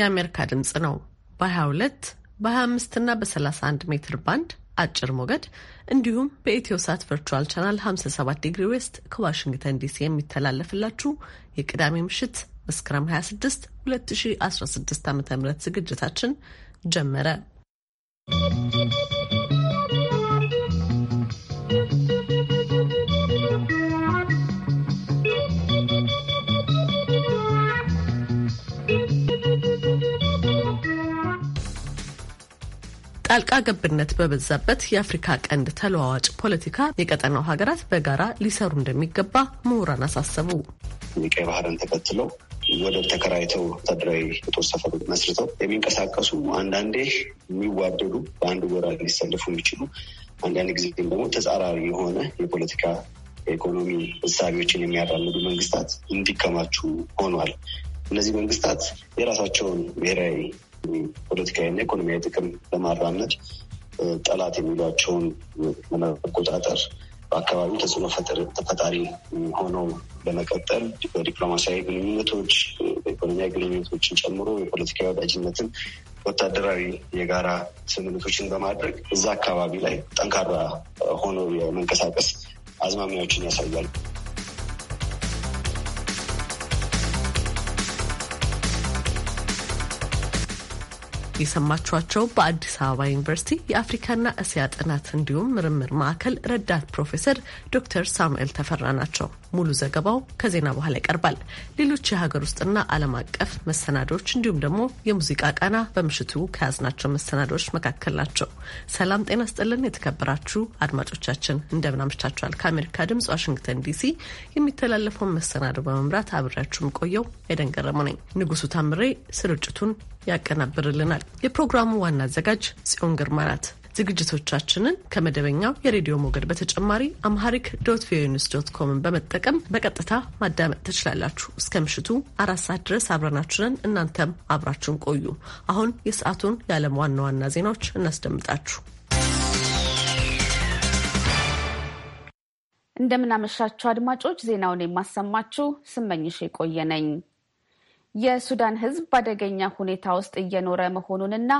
የአሜሪካ ድምፅ ነው። በ22 በ25 እና በ31 ሜትር ባንድ አጭር ሞገድ እንዲሁም በኢትዮ ሳት ቨርቹዋል ቻናል 57 ዲግሪ ዌስት ከዋሽንግተን ዲሲ የሚተላለፍላችሁ የቅዳሜ ምሽት መስከረም 26 2016 ዓ ም ዝግጅታችን ጀመረ። ጣልቃ ገብነት በበዛበት የአፍሪካ ቀንድ ተለዋዋጭ ፖለቲካ የቀጠናው ሀገራት በጋራ ሊሰሩ እንደሚገባ ምሁራን አሳሰቡ። ቀይ ባህርን ተከትለው ወደብ ተከራይተው ወታደራዊ ጦር ሰፈር መስርተው የሚንቀሳቀሱ አንዳንዴ የሚዋደዱ በአንድ ጎራ ሊሰልፉ የሚችሉ አንዳንድ ጊዜ ደግሞ ተጻራሪ የሆነ የፖለቲካ የኢኮኖሚ እሳቢዎችን የሚያራምዱ መንግስታት እንዲከማቹ ሆኗል። እነዚህ መንግስታት የራሳቸውን ብሔራዊ ፖለቲካዊና ኢኮኖሚያዊ ጥቅም ለማራመድ ጠላት የሚሏቸውን ለመቆጣጠር በአካባቢው ተጽዕኖ ተፈጣሪ ሆነው ለመቀጠል በዲፕሎማሲያዊ ግንኙነቶች፣ በኢኮኖሚያዊ ግንኙነቶችን ጨምሮ የፖለቲካዊ ወዳጅነትን፣ ወታደራዊ የጋራ ስምምነቶችን በማድረግ እዛ አካባቢ ላይ ጠንካራ ሆነው የመንቀሳቀስ አዝማሚያዎችን ያሳያል። የሰማችኋቸው በአዲስ አበባ ዩኒቨርሲቲ የአፍሪካና እስያ ጥናት እንዲሁም ምርምር ማዕከል ረዳት ፕሮፌሰር ዶክተር ሳሙኤል ተፈራ ናቸው። ሙሉ ዘገባው ከዜና በኋላ ይቀርባል። ሌሎች የሀገር ውስጥና ዓለም አቀፍ መሰናዶዎች እንዲሁም ደግሞ የሙዚቃ ቃና በምሽቱ ከያዝናቸው መሰናዶዎች መካከል ናቸው። ሰላም ጤና ስጥልን። የተከበራችሁ አድማጮቻችን እንደምን አምሽታችኋል? ከአሜሪካ ድምጽ ዋሽንግተን ዲሲ የሚተላለፈውን መሰናዶ በመምራት አብሬያችሁ ቆየው የደንገረሙ ነኝ። ንጉሱ ታምሬ ስርጭቱን ያቀናብርልናል። የፕሮግራሙ ዋና አዘጋጅ ጽዮን ግርማ ናት። ዝግጅቶቻችንን ከመደበኛው የሬዲዮ ሞገድ በተጨማሪ አምሃሪክ ዶት ቪኦኤ ኒውስ ዶት ኮምን በመጠቀም በቀጥታ ማዳመጥ ትችላላችሁ። እስከ ምሽቱ አራት ሰዓት ድረስ አብረናችሁን፣ እናንተም አብራችሁን ቆዩ። አሁን የሰዓቱን የዓለም ዋና ዋና ዜናዎች እናስደምጣችሁ። እንደምናመሻችሁ አድማጮች፣ ዜናውን የማሰማችሁ ስመኝሽ የቆየ ነኝ። የሱዳን ህዝብ በአደገኛ ሁኔታ ውስጥ እየኖረ መሆኑንና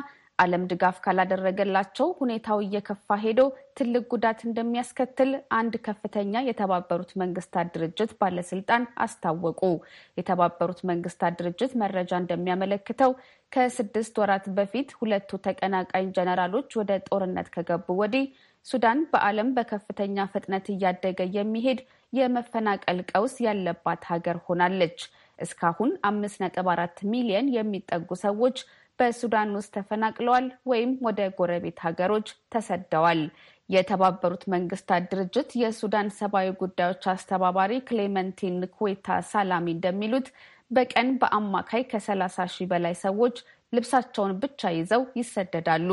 ዓለም ድጋፍ ካላደረገላቸው ሁኔታው እየከፋ ሄዶ ትልቅ ጉዳት እንደሚያስከትል አንድ ከፍተኛ የተባበሩት መንግስታት ድርጅት ባለስልጣን አስታወቁ። የተባበሩት መንግስታት ድርጅት መረጃ እንደሚያመለክተው ከስድስት ወራት በፊት ሁለቱ ተቀናቃኝ ጀነራሎች ወደ ጦርነት ከገቡ ወዲህ ሱዳን በዓለም በከፍተኛ ፍጥነት እያደገ የሚሄድ የመፈናቀል ቀውስ ያለባት ሀገር ሆናለች። እስካሁን አምስት ነጥብ አራት ሚሊየን የሚጠጉ ሰዎች በሱዳን ውስጥ ተፈናቅለዋል ወይም ወደ ጎረቤት ሀገሮች ተሰደዋል። የተባበሩት መንግስታት ድርጅት የሱዳን ሰብአዊ ጉዳዮች አስተባባሪ ክሌመንቲን ኩዌታ ሳላሚ እንደሚሉት በቀን በአማካይ ከ30 ሺህ በላይ ሰዎች ልብሳቸውን ብቻ ይዘው ይሰደዳሉ።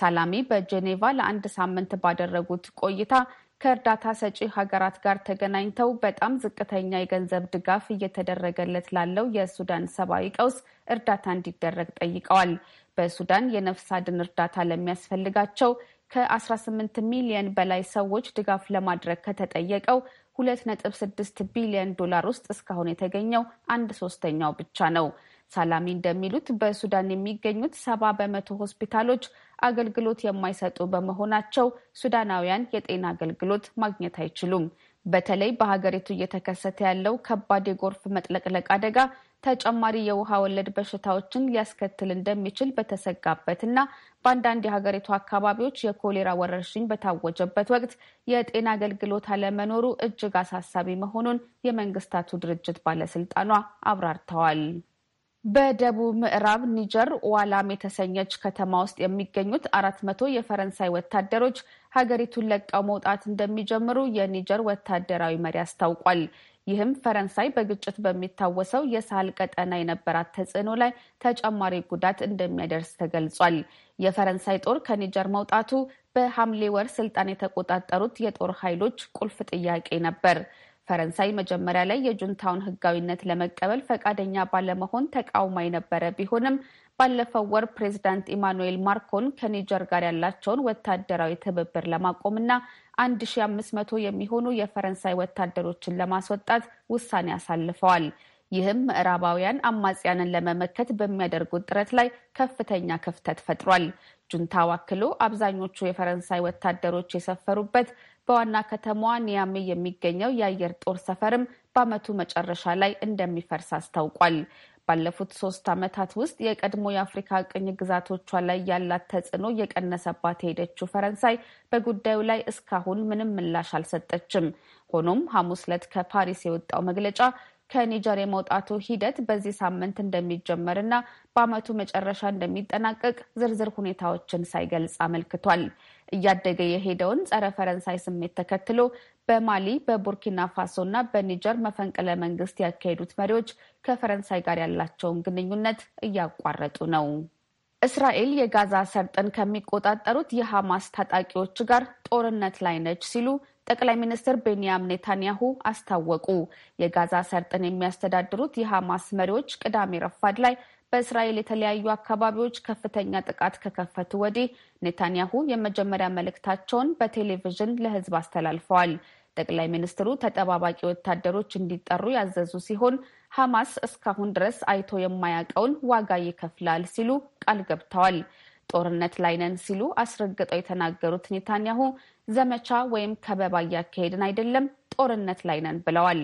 ሳላሚ በጄኔቫ ለአንድ ሳምንት ባደረጉት ቆይታ ከእርዳታ ሰጪ ሀገራት ጋር ተገናኝተው በጣም ዝቅተኛ የገንዘብ ድጋፍ እየተደረገለት ላለው የሱዳን ሰብአዊ ቀውስ እርዳታ እንዲደረግ ጠይቀዋል። በሱዳን የነፍስ አድን እርዳታ ለሚያስፈልጋቸው ከ18 ሚሊየን በላይ ሰዎች ድጋፍ ለማድረግ ከተጠየቀው 2.6 ቢሊየን ዶላር ውስጥ እስካሁን የተገኘው አንድ ሶስተኛው ብቻ ነው። ሳላሚ እንደሚሉት በሱዳን የሚገኙት ሰባ በመቶ ሆስፒታሎች አገልግሎት የማይሰጡ በመሆናቸው ሱዳናውያን የጤና አገልግሎት ማግኘት አይችሉም። በተለይ በሀገሪቱ እየተከሰተ ያለው ከባድ የጎርፍ መጥለቅለቅ አደጋ ተጨማሪ የውሃ ወለድ በሽታዎችን ሊያስከትል እንደሚችል በተሰጋበት እና በአንዳንድ የሀገሪቱ አካባቢዎች የኮሌራ ወረርሽኝ በታወጀበት ወቅት የጤና አገልግሎት አለመኖሩ እጅግ አሳሳቢ መሆኑን የመንግስታቱ ድርጅት ባለስልጣኗ አብራርተዋል። በደቡብ ምዕራብ ኒጀር ዋላም የተሰኘች ከተማ ውስጥ የሚገኙት አራት መቶ የፈረንሳይ ወታደሮች ሀገሪቱን ለቀው መውጣት እንደሚጀምሩ የኒጀር ወታደራዊ መሪ አስታውቋል። ይህም ፈረንሳይ በግጭት በሚታወሰው የሳህል ቀጠና የነበራት ተጽዕኖ ላይ ተጨማሪ ጉዳት እንደሚያደርስ ተገልጿል። የፈረንሳይ ጦር ከኒጀር መውጣቱ በሐምሌ ወር ስልጣን የተቆጣጠሩት የጦር ኃይሎች ቁልፍ ጥያቄ ነበር። ፈረንሳይ መጀመሪያ ላይ የጁንታውን ሕጋዊነት ለመቀበል ፈቃደኛ ባለመሆን ተቃውማ የነበረ ቢሆንም ባለፈው ወር ፕሬዚዳንት ኢማኑኤል ማክሮን ከኒጀር ጋር ያላቸውን ወታደራዊ ትብብር ለማቆምና 1500 የሚሆኑ የፈረንሳይ ወታደሮችን ለማስወጣት ውሳኔ አሳልፈዋል። ይህም ምዕራባውያን አማጽያንን ለመመከት በሚያደርጉት ጥረት ላይ ከፍተኛ ክፍተት ፈጥሯል። ጁንታው አክሎ አብዛኞቹ የፈረንሳይ ወታደሮች የሰፈሩበት በዋና ከተማዋ ኒያሜ የሚገኘው የአየር ጦር ሰፈርም በዓመቱ መጨረሻ ላይ እንደሚፈርስ አስታውቋል። ባለፉት ሶስት ዓመታት ውስጥ የቀድሞ የአፍሪካ ቅኝ ግዛቶቿ ላይ ያላት ተጽዕኖ የቀነሰባት የሄደችው ፈረንሳይ በጉዳዩ ላይ እስካሁን ምንም ምላሽ አልሰጠችም። ሆኖም ሐሙስ ዕለት ከፓሪስ የወጣው መግለጫ ከኒጀር የመውጣቱ ሂደት በዚህ ሳምንት እንደሚጀመርና በዓመቱ መጨረሻ እንደሚጠናቀቅ ዝርዝር ሁኔታዎችን ሳይገልጽ አመልክቷል። እያደገ የሄደውን ጸረ ፈረንሳይ ስሜት ተከትሎ በማሊ በቡርኪና ፋሶ እና በኒጀር መፈንቅለ መንግስት ያካሄዱት መሪዎች ከፈረንሳይ ጋር ያላቸውን ግንኙነት እያቋረጡ ነው። እስራኤል የጋዛ ሰርጥን ከሚቆጣጠሩት የሐማስ ታጣቂዎች ጋር ጦርነት ላይ ነች ሲሉ ጠቅላይ ሚኒስትር ቤንያም ኔታንያሁ አስታወቁ። የጋዛ ሰርጥን የሚያስተዳድሩት የሐማስ መሪዎች ቅዳሜ ረፋድ ላይ በእስራኤል የተለያዩ አካባቢዎች ከፍተኛ ጥቃት ከከፈቱ ወዲህ ኔታንያሁ የመጀመሪያ መልእክታቸውን በቴሌቪዥን ለሕዝብ አስተላልፈዋል። ጠቅላይ ሚኒስትሩ ተጠባባቂ ወታደሮች እንዲጠሩ ያዘዙ ሲሆን ሐማስ እስካሁን ድረስ አይቶ የማያውቀውን ዋጋ ይከፍላል ሲሉ ቃል ገብተዋል። ጦርነት ላይ ነን ሲሉ አስረግጠው የተናገሩት ኔታንያሁ ዘመቻ ወይም ከበባ እያካሄድን አይደለም፣ ጦርነት ላይ ነን ብለዋል።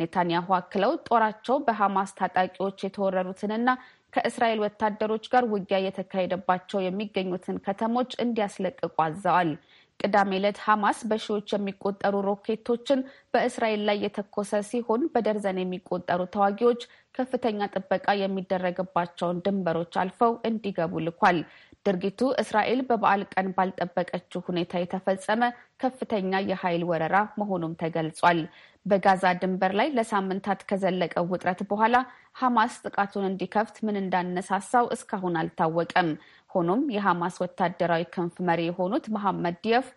ኔታንያሁ አክለው ጦራቸው በሐማስ ታጣቂዎች የተወረሩትንና ከእስራኤል ወታደሮች ጋር ውጊያ እየተካሄደባቸው የሚገኙትን ከተሞች እንዲያስለቅቁ አዘዋል። ቅዳሜ ዕለት ሐማስ በሺዎች የሚቆጠሩ ሮኬቶችን በእስራኤል ላይ የተኮሰ ሲሆን በደርዘን የሚቆጠሩ ተዋጊዎች ከፍተኛ ጥበቃ የሚደረግባቸውን ድንበሮች አልፈው እንዲገቡ ልኳል። ድርጊቱ እስራኤል በበዓል ቀን ባልጠበቀችው ሁኔታ የተፈጸመ ከፍተኛ የኃይል ወረራ መሆኑም ተገልጿል። በጋዛ ድንበር ላይ ለሳምንታት ከዘለቀው ውጥረት በኋላ ሐማስ ጥቃቱን እንዲከፍት ምን እንዳነሳሳው እስካሁን አልታወቀም። ሆኖም የሐማስ ወታደራዊ ክንፍ መሪ የሆኑት መሐመድ ዲየፍ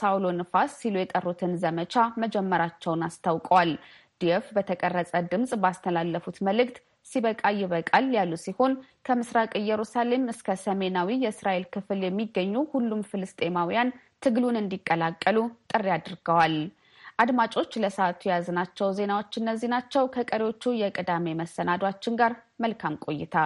ሳውሎ ንፋስ ሲሉ የጠሩትን ዘመቻ መጀመራቸውን አስታውቀዋል። ዲየፍ በተቀረጸ ድምፅ ባስተላለፉት መልእክት ሲበቃ ይበቃል ያሉ ሲሆን ከምስራቅ ኢየሩሳሌም እስከ ሰሜናዊ የእስራኤል ክፍል የሚገኙ ሁሉም ፍልስጤማውያን ትግሉን እንዲቀላቀሉ ጥሪ አድርገዋል። አድማጮች፣ ለሰዓቱ የያዝናቸው ዜናዎች እነዚህ ናቸው። ከቀሪዎቹ የቅዳሜ መሰናዷችን ጋር መልካም ቆይታ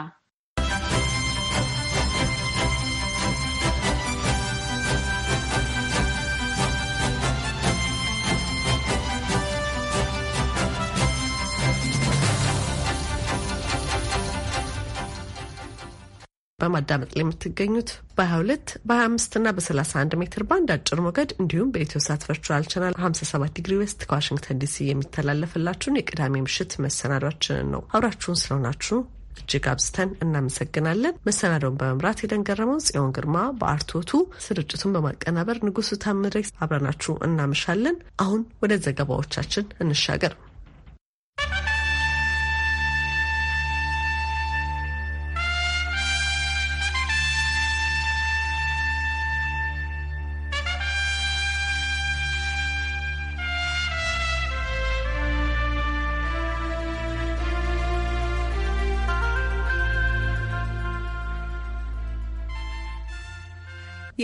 በማዳመጥ ላይ የምትገኙት በ22 በ25 እና በ31 ሜትር ባንድ አጭር ሞገድ እንዲሁም በኢትዮ ሳት ቨርቹዋል ቻናል 57 ዲግሪ ዌስት ከዋሽንግተን ዲሲ የሚተላለፍላችሁን የቅዳሜ ምሽት መሰናዷችንን ነው። አብራችሁን ስለሆናችሁ እጅግ አብዝተን እናመሰግናለን። መሰናዶውን በመምራት የደን ገረመው፣ ጽዮን ግርማ በአርቶቱ ስርጭቱን በማቀናበር ንጉሱ ታምሬ አብረናችሁ እናመሻለን። አሁን ወደ ዘገባዎቻችን እንሻገር።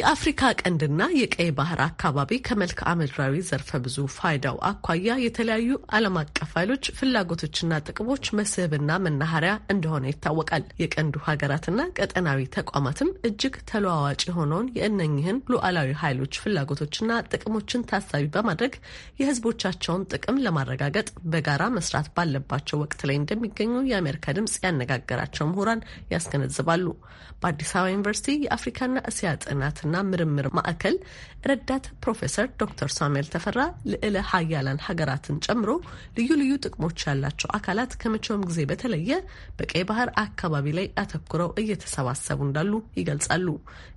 የአፍሪካ ቀንድና የቀይ ባህር አካባቢ ከመልክዓ ምድራዊ ዘርፈ ብዙ ፋይዳው አኳያ የተለያዩ ዓለም አቀፍ ኃይሎች ፍላጎቶችና ጥቅሞች መስህብና መናኸሪያ እንደሆነ ይታወቃል። የቀንዱ ሀገራትና ቀጠናዊ ተቋማትም እጅግ ተለዋዋጭ የሆነውን የእነኝህን ሉዓላዊ ኃይሎች ፍላጎቶችና ጥቅሞችን ታሳቢ በማድረግ የህዝቦቻቸውን ጥቅም ለማረጋገጥ በጋራ መስራት ባለባቸው ወቅት ላይ እንደሚገኙ የአሜሪካ ድምጽ ያነጋገራቸው ምሁራን ያስገነዝባሉ። በአዲስ አበባ ዩኒቨርሲቲ የአፍሪካና እስያ ጥናትና ጥናትና ምርምር ማዕከል ረዳት ፕሮፌሰር ዶክተር ሳሙኤል ተፈራ ልዕለ ሀያላን ሀገራትን ጨምሮ ልዩ ልዩ ጥቅሞች ያላቸው አካላት ከመቼውም ጊዜ በተለየ በቀይ ባህር አካባቢ ላይ አተኩረው እየተሰባሰቡ እንዳሉ ይገልጻሉ።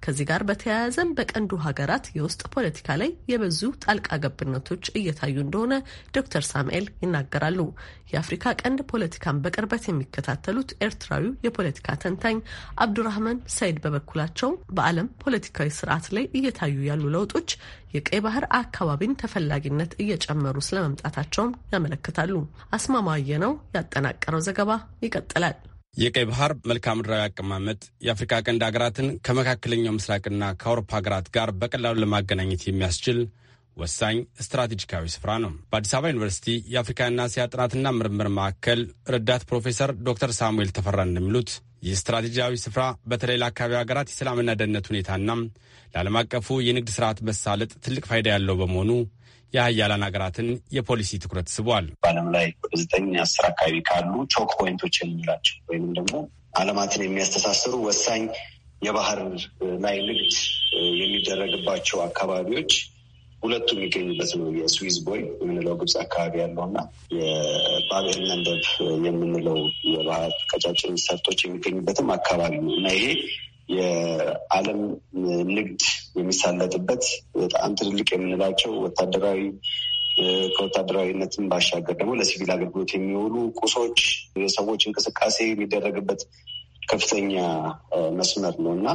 ከዚህ ጋር በተያያዘም በቀንዱ ሀገራት የውስጥ ፖለቲካ ላይ የበዙ ጣልቃ ገብነቶች እየታዩ እንደሆነ ዶክተር ሳሙኤል ይናገራሉ። የአፍሪካ ቀንድ ፖለቲካን በቅርበት የሚከታተሉት ኤርትራዊው የፖለቲካ ተንታኝ አብዱራህማን ሰይድ በበኩላቸው በዓለም ፖለቲካዊ ስርዓት ላይ እየታዩ ያሉ ለውጦች የቀይ ባህር አካባቢን ተፈላጊነት እየጨመሩ ስለመምጣታቸውም ያመለክታሉ። አስማማየ ነው ያጠናቀረው ዘገባ ይቀጥላል። የቀይ ባህር መልክዓ ምድራዊ አቀማመጥ የአፍሪካ ቀንድ ሀገራትን ከመካከለኛው ምስራቅና ከአውሮፓ ሀገራት ጋር በቀላሉ ለማገናኘት የሚያስችል ወሳኝ ስትራቴጂካዊ ስፍራ ነው። በአዲስ አበባ ዩኒቨርሲቲ የአፍሪካና እስያ ጥናትና ምርምር ማዕከል ረዳት ፕሮፌሰር ዶክተር ሳሙኤል ተፈራ እንደሚሉት ይህ ስትራቴጂያዊ ስፍራ በተለይ ለአካባቢ ሀገራት የሰላምና ደህንነት ሁኔታና ለዓለም አቀፉ የንግድ ስርዓት መሳለጥ ትልቅ ፋይዳ ያለው በመሆኑ የሀያላን ሀገራትን የፖሊሲ ትኩረት ስቧል። በዓለም ላይ ወደ ዘጠኝ አስር አካባቢ ካሉ ቾክ ፖይንቶች የምንላቸው ወይም ደግሞ ዓለማትን የሚያስተሳስሩ ወሳኝ የባህር ላይ ንግድ የሚደረግባቸው አካባቢዎች ሁለቱ የሚገኙበት ነው። የስዊዝ ቦይ የምንለው ግብፅ አካባቢ ያለው እና የባብኤል መንደብ የምንለው የባህር ቀጫጭን ሰርጦች የሚገኙበትም አካባቢ ነው እና ይሄ የዓለም ንግድ የሚሳለጥበት በጣም ትልልቅ የምንላቸው ወታደራዊ ከወታደራዊነትም ባሻገር ደግሞ ለሲቪል አገልግሎት የሚውሉ ቁሶች፣ የሰዎች እንቅስቃሴ የሚደረግበት ከፍተኛ መስመር ነው እና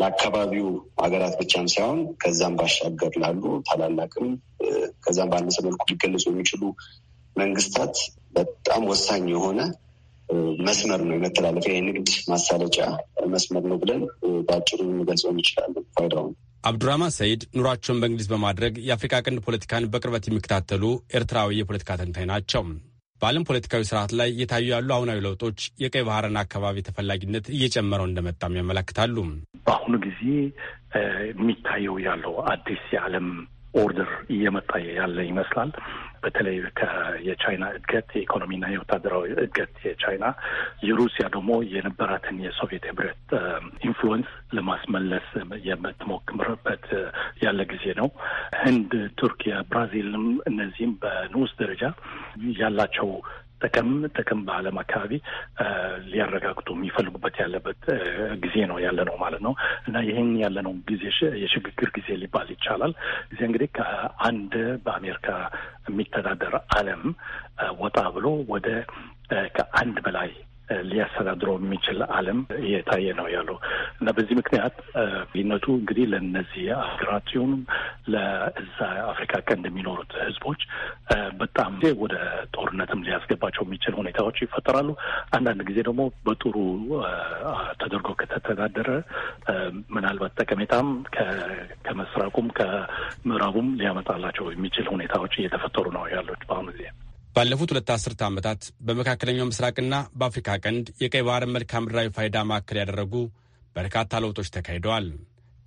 ለአካባቢው ሀገራት ብቻም ሳይሆን ከዛም ባሻገር ላሉ ታላላቅም ከዛም ባነሰ መልኩ ሊገለጹ የሚችሉ መንግስታት በጣም ወሳኝ የሆነ መስመር ነው። የመተላለፊያ የንግድ ማሳለጫ መስመር ነው ብለን በአጭሩ ልንገልጸው እንችላለን ፋይዳውን። አብዱራማን ሰይድ ኑሯቸውን በእንግሊዝ በማድረግ የአፍሪካ ቀንድ ፖለቲካን በቅርበት የሚከታተሉ ኤርትራዊ የፖለቲካ ተንታኝ ናቸው። በዓለም ፖለቲካዊ ስርዓት ላይ እየታዩ ያሉ አሁናዊ ለውጦች የቀይ ባህርን አካባቢ ተፈላጊነት እየጨመረው እንደመጣም ያመለክታሉ። በአሁኑ ጊዜ የሚታየው ያለው አዲስ የዓለም ኦርደር እየመጣ ያለ ይመስላል። በተለይ የቻይና እድገት የኢኮኖሚና የወታደራዊ እድገት የቻይና የሩሲያ ደግሞ የነበራትን የሶቪየት ህብረት ኢንፍሉወንስ ለማስመለስ የምትሞክርበት ያለ ጊዜ ነው። ህንድ፣ ቱርኪያ፣ ብራዚልም እነዚህም በንዑስ ደረጃ ያላቸው ጥቅም ጥቅም በዓለም አካባቢ ሊያረጋግጡ የሚፈልጉበት ያለበት ጊዜ ነው ያለ ነው ማለት ነው እና ይህን ያለ ነው ጊዜ የሽግግር ጊዜ ሊባል ይቻላል። ጊዜ እንግዲህ ከአንድ በአሜሪካ የሚተዳደር ዓለም ወጣ ብሎ ወደ ከአንድ በላይ ሊያስተዳድረው የሚችል ዓለም እየታየ ነው ያለው እና በዚህ ምክንያት ይነቱ እንግዲህ ለእነዚህ አገራት ሲሆኑም ለእዛ አፍሪካ ቀንድ የሚኖሩት ህዝቦች በጣም ጊዜ ወደ ጦርነትም ሊያስገባቸው የሚችል ሁኔታዎች ይፈጠራሉ። አንዳንድ ጊዜ ደግሞ በጥሩ ተደርጎ ከተተዳደረ ምናልባት ጠቀሜታም ከምስራቁም ከምዕራቡም ሊያመጣላቸው የሚችል ሁኔታዎች እየተፈጠሩ ነው ያሉት በአሁኑ ጊዜ። ባለፉት ሁለት አስርተ ዓመታት በመካከለኛው ምስራቅና በአፍሪካ ቀንድ የቀይ ባህርን መልክዓ ምድራዊ ፋይዳ ማዕከል ያደረጉ በርካታ ለውጦች ተካሂደዋል።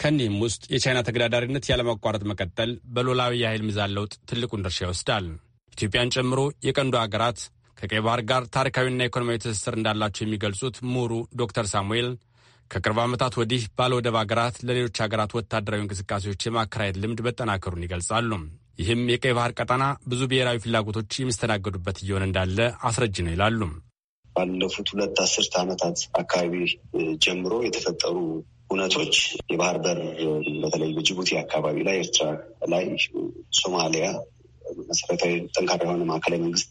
ከኒህም ውስጥ የቻይና ተገዳዳሪነት ያለማቋረጥ መቀጠል በሎላዊ የኃይል ሚዛን ለውጥ ትልቁን ድርሻ ይወስዳል። ኢትዮጵያን ጨምሮ የቀንዱ አገራት ከቀይ ባህር ጋር ታሪካዊና ኢኮኖሚያዊ ትስስር እንዳላቸው የሚገልጹት ምሁሩ ዶክተር ሳሙኤል ከቅርብ ዓመታት ወዲህ ባለወደብ አገራት ለሌሎች አገራት ወታደራዊ እንቅስቃሴዎች የማከራየት ልምድ መጠናከሩን ይገልጻሉ። ይህም የቀይ ባህር ቀጠና ብዙ ብሔራዊ ፍላጎቶች የሚስተናገዱበት እየሆነ እንዳለ አስረጅ ነው ይላሉ። ባለፉት ሁለት አስርት ዓመታት አካባቢ ጀምሮ የተፈጠሩ እውነቶች የባህር በር በተለይ በጅቡቲ አካባቢ ላይ፣ ኤርትራ ላይ፣ ሶማሊያ መሰረታዊ ጠንካራ የሆነ ማዕከላዊ መንግስት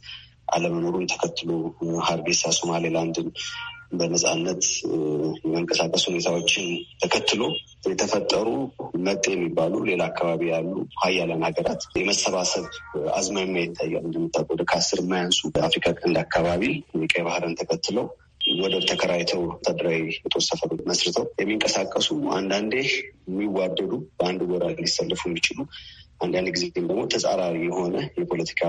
አለመኖሩን ተከትሎ ሀርጌሳ ሶማሌላንድን በነፃነት የመንቀሳቀስ ሁኔታዎችን ተከትሎ የተፈጠሩ መጤ የሚባሉ ሌላ አካባቢ ያሉ ሀያላን ሀገራት የመሰባሰብ አዝማሚያ ይታያል። እንደምታውቀው ወደ ከአስር የማያንሱ በአፍሪካ ቀንድ አካባቢ የቀይ ባህርን ተከትለው ወደብ ተከራይተው ወታደራዊ የጦር ሰፈር መስርተው የሚንቀሳቀሱ አንዳንዴ የሚዋደዱ በአንድ ጎራ ሊሰልፉ የሚችሉ አንዳንድ ጊዜ ደግሞ ተጻራሪ የሆነ የፖለቲካ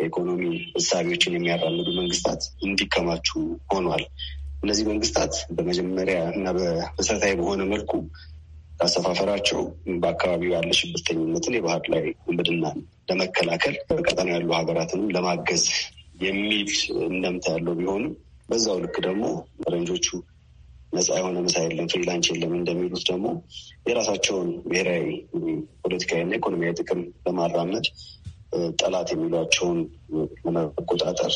የኢኮኖሚ እሳቢዎችን የሚያራምዱ መንግስታት እንዲከማቹ ሆኗል። እነዚህ መንግስታት በመጀመሪያ እና በመሰረታዊ በሆነ መልኩ አሰፋፈራቸው በአካባቢው ያለ ሽብርተኝነትን፣ የባህር ላይ ውንብድናን ለመከላከል በቀጠና ያሉ ሀገራትንም ለማገዝ የሚል እንደምታ ያለው ቢሆንም በዛው ልክ ደግሞ ፈረንጆቹ ነፃ የሆነ ምሳ የለም ፍሪላንች የለም እንደሚሉት ደግሞ የራሳቸውን ብሔራዊ ፖለቲካዊና ኢኮኖሚያዊ ጥቅም ለማራመድ ጠላት የሚሏቸውን ለመቆጣጠር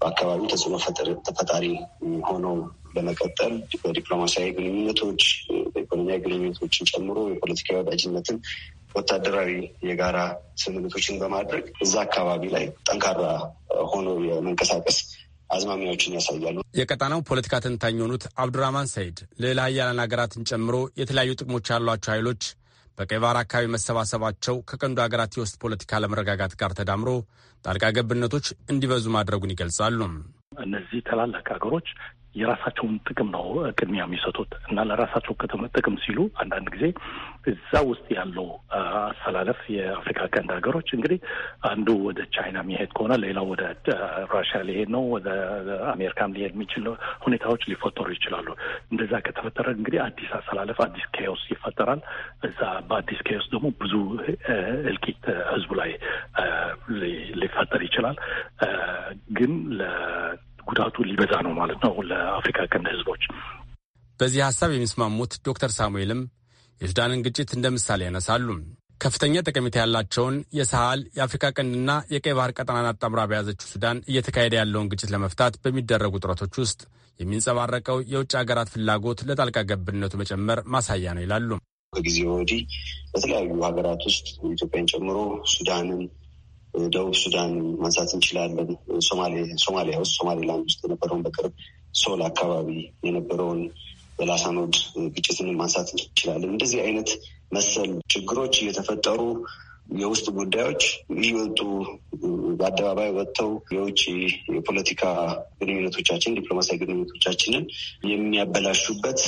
በአካባቢው ተጽዕኖ ተፈጣሪ ሆኖ ለመቀጠል በዲፕሎማሲያዊ ግንኙነቶች፣ በኢኮኖሚያዊ ግንኙነቶችን ጨምሮ የፖለቲካዊ ወዳጅነትን፣ ወታደራዊ የጋራ ስምምነቶችን በማድረግ እዛ አካባቢ ላይ ጠንካራ ሆኖ የመንቀሳቀስ አዝማሚያዎችን ያሳያሉ። የቀጣናው ፖለቲካ ተንታኝ የሆኑት አብዱራማን ሰይድ ሌላ ሀያላን ሀገራትን ጨምሮ የተለያዩ ጥቅሞች ያሏቸው ኃይሎች በቀይ ባህር አካባቢ መሰባሰባቸው ከቀንዱ ሀገራት የውስጥ ፖለቲካ አለመረጋጋት ጋር ተዳምሮ ጣልቃ ገብነቶች እንዲበዙ ማድረጉን ይገልጻሉ። እነዚህ ታላላቅ ሀገሮች የራሳቸውን ጥቅም ነው ቅድሚያ የሚሰጡት እና ለራሳቸው ጥቅም ሲሉ አንዳንድ ጊዜ እዛ ውስጥ ያለው አሰላለፍ የአፍሪካ ቀንድ ሀገሮች እንግዲህ አንዱ ወደ ቻይና የሚሄድ ከሆነ ሌላው ወደ ራሽያ ሊሄድ ነው፣ ወደ አሜሪካም ሊሄድ የሚችል ሁኔታዎች ሊፈጠሩ ይችላሉ። እንደዛ ከተፈጠረ እንግዲህ አዲስ አሰላለፍ አዲስ ኬዮስ ይፈጠራል። እዛ በአዲስ ኬዮስ ደግሞ ብዙ እልቂት ህዝቡ ላይ ሊፈጠር ይችላል ግን ጉዳቱ ሊበዛ ነው ማለት ነው ለአፍሪካ ቀንድ ህዝቦች። በዚህ ሀሳብ የሚስማሙት ዶክተር ሳሙኤልም የሱዳንን ግጭት እንደ ምሳሌ ያነሳሉ። ከፍተኛ ጠቀሜታ ያላቸውን የሳህል የአፍሪካ ቀንድና የቀይ ባህር ቀጠናን አጣምራ በያዘችው ሱዳን እየተካሄደ ያለውን ግጭት ለመፍታት በሚደረጉ ጥረቶች ውስጥ የሚንጸባረቀው የውጭ ሀገራት ፍላጎት ለጣልቃ ገብነቱ መጨመር ማሳያ ነው ይላሉ። ከጊዜ ወዲህ በተለያዩ ሀገራት ውስጥ ኢትዮጵያን ጨምሮ ሱዳንን ደቡብ ሱዳን ማንሳት እንችላለን። ሶማሊያ ውስጥ ሶማሌላንድ ውስጥ የነበረውን በቅርብ ሶል አካባቢ የነበረውን የላሳኖድ ግጭትን ማንሳት እንችላለን። እንደዚህ አይነት መሰል ችግሮች እየተፈጠሩ የውስጥ ጉዳዮች እየወጡ በአደባባይ ወጥተው የውጭ የፖለቲካ ግንኙነቶቻችን ዲፕሎማሲያዊ ግንኙነቶቻችንን የሚያበላሹበት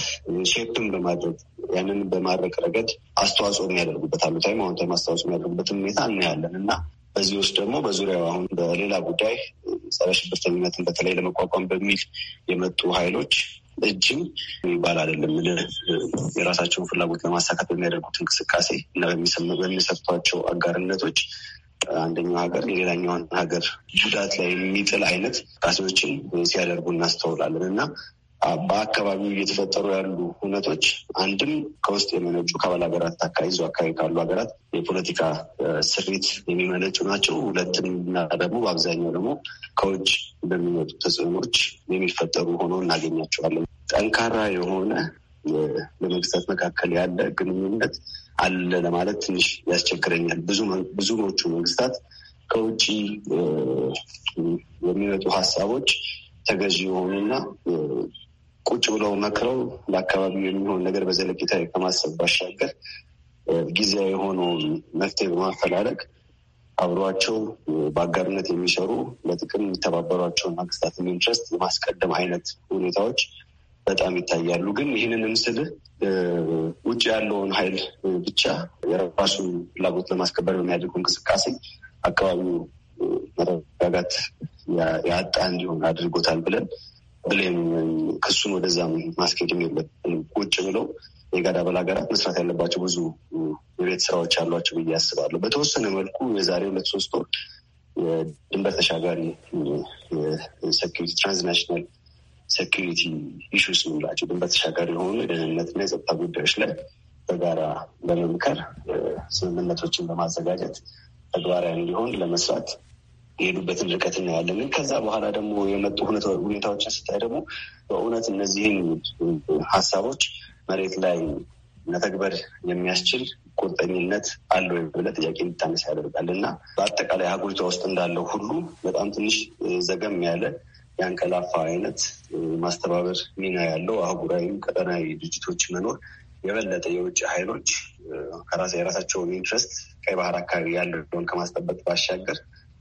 ሼፕን በማድረግ ያንን በማድረግ ረገድ አስተዋጽኦ የሚያደርጉበት አሉታዊም አዎንታዊም አስተዋጽኦ የሚያደርጉበት ሁኔታ እናያለን እና በዚህ ውስጥ ደግሞ በዙሪያው አሁን በሌላ ጉዳይ ጸረ ሽብርተኝነትን በተለይ ለመቋቋም በሚል የመጡ ኃይሎች እጅም የሚባል አይደለም። የራሳቸውን ፍላጎት ለማሳካት በሚያደርጉት እንቅስቃሴ እና በሚሰጥቷቸው አጋርነቶች አንደኛው ሀገር የሌላኛውን ሀገር ጉዳት ላይ የሚጥል አይነት ቃሴዎችን ሲያደርጉ እናስተውላለን እና በአካባቢው እየተፈጠሩ ያሉ እውነቶች አንድም ከውስጥ የመነጩ ከአባል ሀገራት ታካይዞ አካባቢ ካሉ ሀገራት የፖለቲካ ስሪት የሚመነጩ ናቸው። ሁለትም እና ደግሞ በአብዛኛው ደግሞ ከውጭ በሚመጡ ተጽዕኖች የሚፈጠሩ ሆኖ እናገኛቸዋለን። ጠንካራ የሆነ በመንግስታት መካከል ያለ ግንኙነት አለ ለማለት ትንሽ ያስቸግረኛል። ብዙዎቹ መንግስታት ከውጭ የሚመጡ ሀሳቦች ተገዢ የሆኑና ቁጭ ብለው መክረው ለአካባቢው የሚሆን ነገር በዘለቂታዊ ከማሰብ ባሻገር ጊዜያዊ የሆነውን መፍትሄ በማፈላለግ አብሯቸው በአጋርነት የሚሰሩ ለጥቅም የሚተባበሯቸውን መንግስታትን ኢንትረስት የማስቀደም አይነት ሁኔታዎች በጣም ይታያሉ። ግን ይህንን ምስል ውጭ ያለውን ኃይል ብቻ የራሱን ፍላጎት ለማስከበር በሚያደርጉ እንቅስቃሴ አካባቢው መረጋጋት ያጣ እንዲሆን አድርጎታል ብለን ብሌም ክሱን ወደዛ ማስኬድም የለብንም። ቁጭ ብለው የጋዳ አባል ሀገራት መስራት ያለባቸው ብዙ የቤት ስራዎች አሏቸው ብዬ አስባለሁ። በተወሰነ መልኩ የዛሬ ሁለት ሶስት ወር የድንበር ተሻጋሪ የሴኪሪቲ ትራንስናሽናል ሴኪሪቲ ኢሹስ የምንላቸው ድንበር ተሻጋሪ የሆኑ የደህንነትና የጸጥታ ጉዳዮች ላይ በጋራ በመምከር ስምምነቶችን በማዘጋጀት ተግባራዊ እንዲሆን ለመስራት የሄዱበትን ርቀት እናያለን። ግን ከዛ በኋላ ደግሞ የመጡ ሁኔታዎችን ስታይ ደግሞ በእውነት እነዚህን ሀሳቦች መሬት ላይ መተግበር የሚያስችል ቁርጠኝነት አለ ወይ ብለህ ጥያቄ እንድታነሳ ያደርጋል እና በአጠቃላይ ሀገሪቷ ውስጥ እንዳለው ሁሉ በጣም ትንሽ ዘገም ያለ የአንቀላፋ አይነት ማስተባበር ሚና ያለው አህጉራዊም ቀጠናዊ ድርጅቶች መኖር የበለጠ የውጭ ኃይሎች ከራሴ የራሳቸውን ኢንትረስት ቀይ ባህር አካባቢ ያለውን ከማስጠበቅ ባሻገር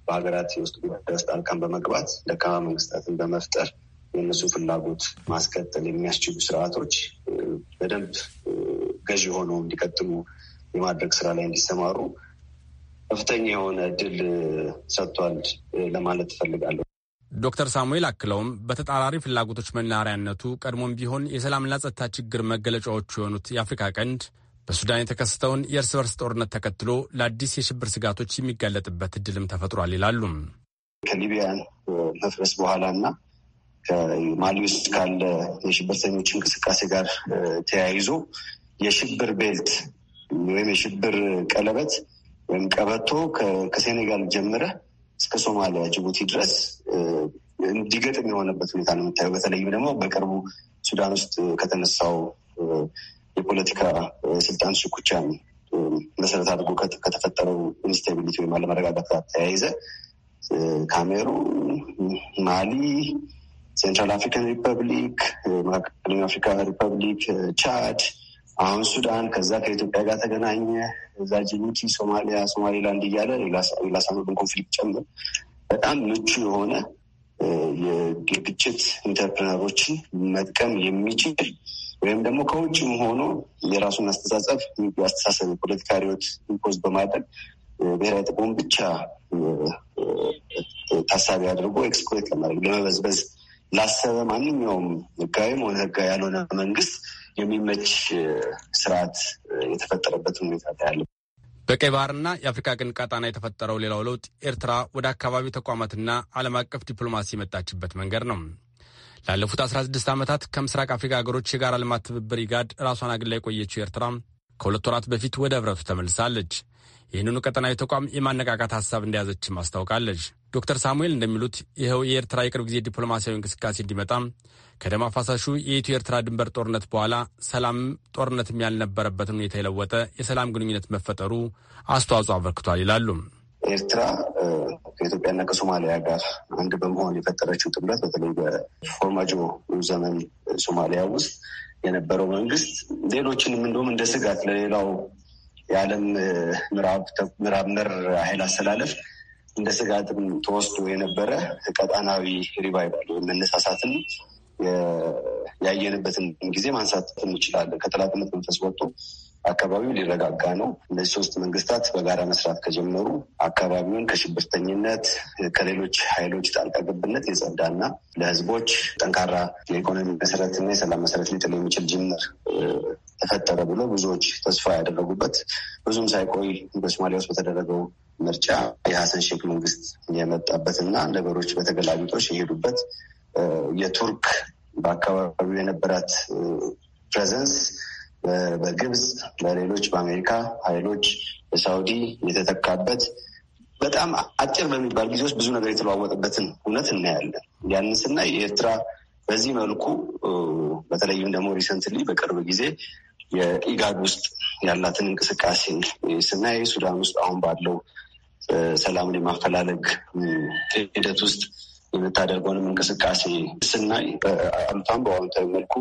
በሀገራት የውስጥ ጉዳይ ውስጥ በመግባት ደካማ መንግስታትን በመፍጠር የእነሱ ፍላጎት ማስቀጠል የሚያስችሉ ስርዓቶች በደንብ ገዢ ሆነው እንዲቀጥሉ የማድረግ ስራ ላይ እንዲሰማሩ ከፍተኛ የሆነ እድል ሰጥቷል ለማለት እፈልጋለሁ። ዶክተር ሳሙኤል አክለውም በተጣራሪ ፍላጎቶች መናሪያነቱ ቀድሞም ቢሆን የሰላምና ጸጥታ ችግር መገለጫዎቹ የሆኑት የአፍሪካ ቀንድ በሱዳን የተከሰተውን የእርስ በርስ ጦርነት ተከትሎ ለአዲስ የሽብር ስጋቶች የሚጋለጥበት እድልም ተፈጥሯል ይላሉ። ከሊቢያ መፍረስ በኋላ እና ከማሊ ውስጥ ካለ የሽብርተኞች እንቅስቃሴ ጋር ተያይዞ የሽብር ቤልት ወይም የሽብር ቀለበት ወይም ቀበቶ ከሴኔጋል ጀምረ እስከ ሶማሊያ ጅቡቲ ድረስ እንዲገጥም የሆነበት ሁኔታ ነው የምታየው። በተለይም ደግሞ በቅርቡ ሱዳን ውስጥ ከተነሳው የፖለቲካ ስልጣን ሽኩቻን መሰረት አድርጎ ከተፈጠረው ኢንስታቢሊቲ ወይም አለመረጋጋት ጋር ተያይዘ ካሜሩን፣ ማሊ፣ ሴንትራል አፍሪካን ሪፐብሊክ፣ መካከለኛ አፍሪካ ሪፐብሊክ፣ ቻድ፣ አሁን ሱዳን፣ ከዛ ከኢትዮጵያ ጋር ተገናኘ፣ እዛ ጅቡቲ፣ ሶማሊያ፣ ሶማሌላንድ እያለ ሌላ ሳምንትን ኮንፍሊክት ጨምር በጣም ምቹ የሆነ የግጭት ኢንተርፕረነሮችን መጥቀም የሚችል ወይም ደግሞ ከውጭም ሆኖ የራሱን አስተሳሰብ አስተሳሰብ የፖለቲካ ሪዮት ኢምፖዝ በማድረግ ብሔራዊ ጥቅሙን ብቻ ታሳቢ አድርጎ ኤክስፕሎይት ለማድረግ ለመበዝበዝ ላሰበ ማንኛውም ህጋዊም ሆነ ህጋዊ ያልሆነ መንግስት የሚመች ስርዓት የተፈጠረበት ሁኔታ ያለ በቀይ ባህርና የአፍሪካ ቀንድ ቀጣና የተፈጠረው ሌላው ለውጥ ኤርትራ ወደ አካባቢው ተቋማትና ዓለም አቀፍ ዲፕሎማሲ የመጣችበት መንገድ ነው። ላለፉት 16 ዓመታት ከምስራቅ አፍሪካ ሀገሮች የጋራ ልማት ትብብር ኢጋድ ራሷን አግላ የቆየችው ኤርትራ ከሁለት ወራት በፊት ወደ ህብረቱ ተመልሳለች። ይህንኑ ቀጠናዊ ተቋም የማነቃቃት ሀሳብ እንደያዘችም አስታውቃለች። ዶክተር ሳሙኤል እንደሚሉት ይኸው የኤርትራ የቅርብ ጊዜ ዲፕሎማሲያዊ እንቅስቃሴ እንዲመጣ ከደም አፋሳሹ የኢትዮ ኤርትራ ድንበር ጦርነት በኋላ ሰላምም ጦርነትም ያልነበረበትን ሁኔታ የለወጠ የሰላም ግንኙነት መፈጠሩ አስተዋጽኦ አበርክቷል ይላሉ። ኤርትራ ከኢትዮጵያና ከሶማሊያ ጋር አንድ በመሆን የፈጠረችው ጥምረት በተለይ በፎርማጆ ዘመን ሶማሊያ ውስጥ የነበረው መንግስት ሌሎችንም እንደውም እንደ ስጋት ለሌላው የዓለም ምዕራብ መር ኃይል አስተላለፍ እንደ ስጋትም ተወስዶ የነበረ ቀጣናዊ ሪቫይቫል ወይም መነሳሳትን ያየንበትን ጊዜ ማንሳት እንችላለን። ከጠላትነት መንፈስ ወጥቶ አካባቢው ሊረጋጋ ነው። እነዚህ ሶስት መንግስታት በጋራ መስራት ከጀመሩ አካባቢውን ከሽብርተኝነት፣ ከሌሎች ኃይሎች ጣልቃ ገብነት የጸዳና ለህዝቦች ጠንካራ የኢኮኖሚ መሰረትና የሰላም መሰረት ሊጥል የሚችል ጅምር ተፈጠረ ብሎ ብዙዎች ተስፋ ያደረጉበት ብዙም ሳይቆይ በሶማሊያ ውስጥ በተደረገው ምርጫ የሀሰን ሼክ መንግስት የመጣበት እና ነገሮች በተገላቢጦች የሄዱበት የቱርክ በአካባቢው የነበራት ፕሬዘንስ በግብፅ በሌሎች በአሜሪካ ኃይሎች በሳውዲ የተተካበት በጣም አጭር በሚባል ጊዜ ውስጥ ብዙ ነገር የተለዋወጠበትን እውነት እናያለን። ያንን ስናይ የኤርትራ በዚህ መልኩ በተለይም ደግሞ ሪሰንትሊ በቅርብ ጊዜ የኢጋድ ውስጥ ያላትን እንቅስቃሴ ስናይ ሱዳን ውስጥ አሁን ባለው ሰላምን የማፈላለግ ሂደት ውስጥ የምታደርገውንም እንቅስቃሴ ስናይ በአሉታም በአዎንታዊ መልኩ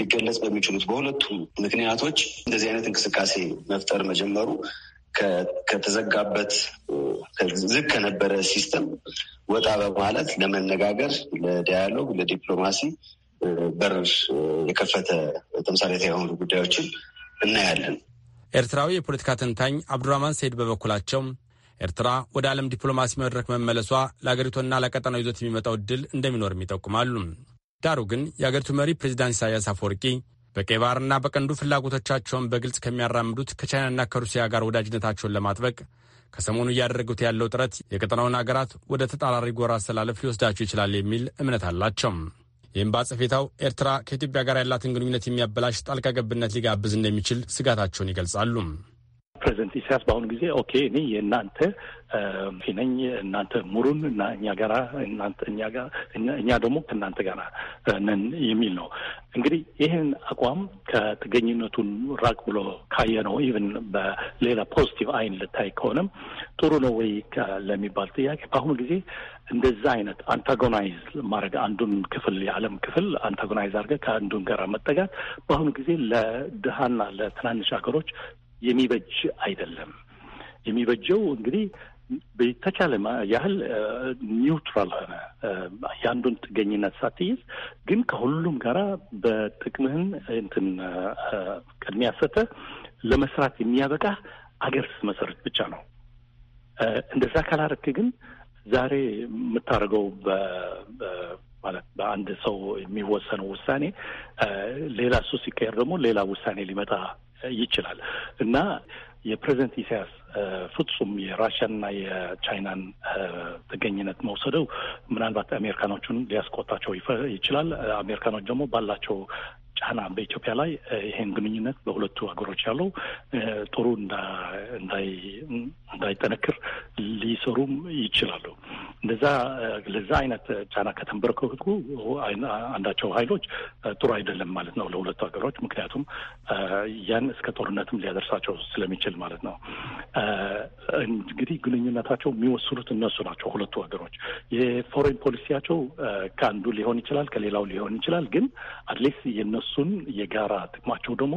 ሊገለጽ በሚችሉት በሁለቱ ምክንያቶች እንደዚህ አይነት እንቅስቃሴ መፍጠር መጀመሩ ከተዘጋበት ዝግ ከነበረ ሲስተም ወጣ በማለት ለመነጋገር፣ ለዳያሎግ፣ ለዲፕሎማሲ በር የከፈተ ተምሳሌታዊ የሆኑ ጉዳዮችን እናያለን። ኤርትራዊ የፖለቲካ ተንታኝ አብዱራማን ሰይድ በበኩላቸው ኤርትራ ወደ ዓለም ዲፕሎማሲ መድረክ መመለሷ ለአገሪቷና ለቀጠናው ይዞት የሚመጣው እድል እንደሚኖርም ይጠቁማሉ። ዳሩ ግን የአገሪቱ መሪ ፕሬዚዳንት ኢሳያስ አፈወርቂ በቀይ ባህርና በቀንዱ ፍላጎቶቻቸውን በግልጽ ከሚያራምዱት ከቻይናና ከሩሲያ ጋር ወዳጅነታቸውን ለማጥበቅ ከሰሞኑ እያደረጉት ያለው ጥረት የቀጠናውን አገራት ወደ ተጣራሪ ጎራ አሰላለፍ ሊወስዳቸው ይችላል የሚል እምነት አላቸው። ይህም ባጸፌታው ኤርትራ ከኢትዮጵያ ጋር ያላትን ግንኙነት የሚያበላሽ ጣልቃ ገብነት ሊጋብዝ እንደሚችል ስጋታቸውን ይገልጻሉ። ፕሬዚደንት ኢሳያስ በአሁኑ ጊዜ ኦኬ እኔ የእናንተ ነኝ እናንተ ሙሩን እኛ ጋራ እናንተ እኛ ጋር እኛ ደግሞ ከእናንተ ጋራ ነን የሚል ነው። እንግዲህ ይህን አቋም ከጥገኝነቱን ራቅ ብሎ ካየ ነው ኢቨን በሌላ ፖዚቲቭ አይን ልታይ ከሆነም ጥሩ ነው ወይ ለሚባል ጥያቄ በአሁኑ ጊዜ እንደዛ አይነት አንታጎናይዝ ማድረግ አንዱን ክፍል የዓለም ክፍል አንታጎናይዝ አድርገ ከአንዱን ጋራ መጠጋት በአሁኑ ጊዜ ለድሃና ለትናንሽ ሀገሮች የሚበጅ አይደለም። የሚበጀው እንግዲህ በተቻለ ያህል ኒውትራል ሆነ የአንዱን ጥገኝነት ሳትይዝ ግን ከሁሉም ጋራ በጥቅምህን እንትን ቅድሚያ ሰተ ለመስራት የሚያበቃ አገር ስትመሰርት ብቻ ነው። እንደዛ ካላረክ ግን ዛሬ የምታደርገው ማለት በአንድ ሰው የሚወሰነው ውሳኔ ሌላ እሱ ሲቀየር ደግሞ ሌላ ውሳኔ ሊመጣ ይችላል እና የፕሬዚደንት ኢሳያስ ፍጹም የራሽያንና የቻይናን ጥገኝነት መውሰደው ምናልባት አሜሪካኖቹን ሊያስቆጣቸው ይችላል። አሜሪካኖች ደግሞ ባላቸው ጫና በኢትዮጵያ ላይ ይሄን ግንኙነት በሁለቱ ሀገሮች ያለው ጥሩ እንዳይጠነክር ሊሰሩም ይችላሉ። እንደዛ ለዛ አይነት ጫና ከተንበረከኩ አንዳቸው ኃይሎች ጥሩ አይደለም ማለት ነው ለሁለቱ ሀገሮች። ምክንያቱም ያን እስከ ጦርነትም ሊያደርሳቸው ስለሚችል ማለት ነው። እንግዲህ ግንኙነታቸው የሚወስኑት እነሱ ናቸው ሁለቱ ሀገሮች። የፎሬን ፖሊሲያቸው ከአንዱ ሊሆን ይችላል፣ ከሌላው ሊሆን ይችላል። ግን አትሊስት የእነሱን የጋራ ጥቅማቸው ደግሞ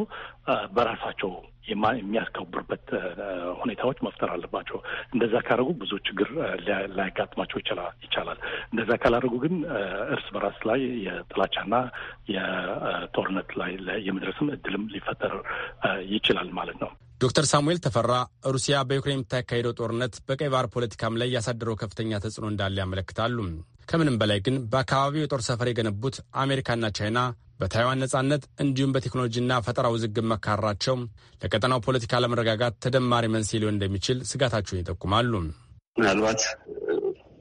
በራሳቸው የሚያስከብሩበት ሁኔታዎች መፍጠር አለባቸው። እንደዛ ካደረጉ ብዙ ችግር ላያጋጥማቸው ይቻላል። እንደዛ ካላደረጉ ግን እርስ በራስ ላይ የጥላቻና የጦርነት ላይ የመድረስም እድልም ሊፈጠር ይችላል ማለት ነው። ዶክተር ሳሙኤል ተፈራ ሩሲያ በዩክሬን የምታካሄደው ጦርነት በቀይ ባህር ፖለቲካም ላይ ያሳደረው ከፍተኛ ተጽዕኖ እንዳለ ያመለክታሉ። ከምንም በላይ ግን በአካባቢው የጦር ሰፈር የገነቡት አሜሪካና ቻይና በታይዋን ነጻነት እንዲሁም በቴክኖሎጂና ፈጠራ ውዝግብ መካረራቸው ለቀጠናው ፖለቲካ አለመረጋጋት ተደማሪ መንስኤ ሊሆን እንደሚችል ስጋታቸውን ይጠቁማሉ። ምናልባት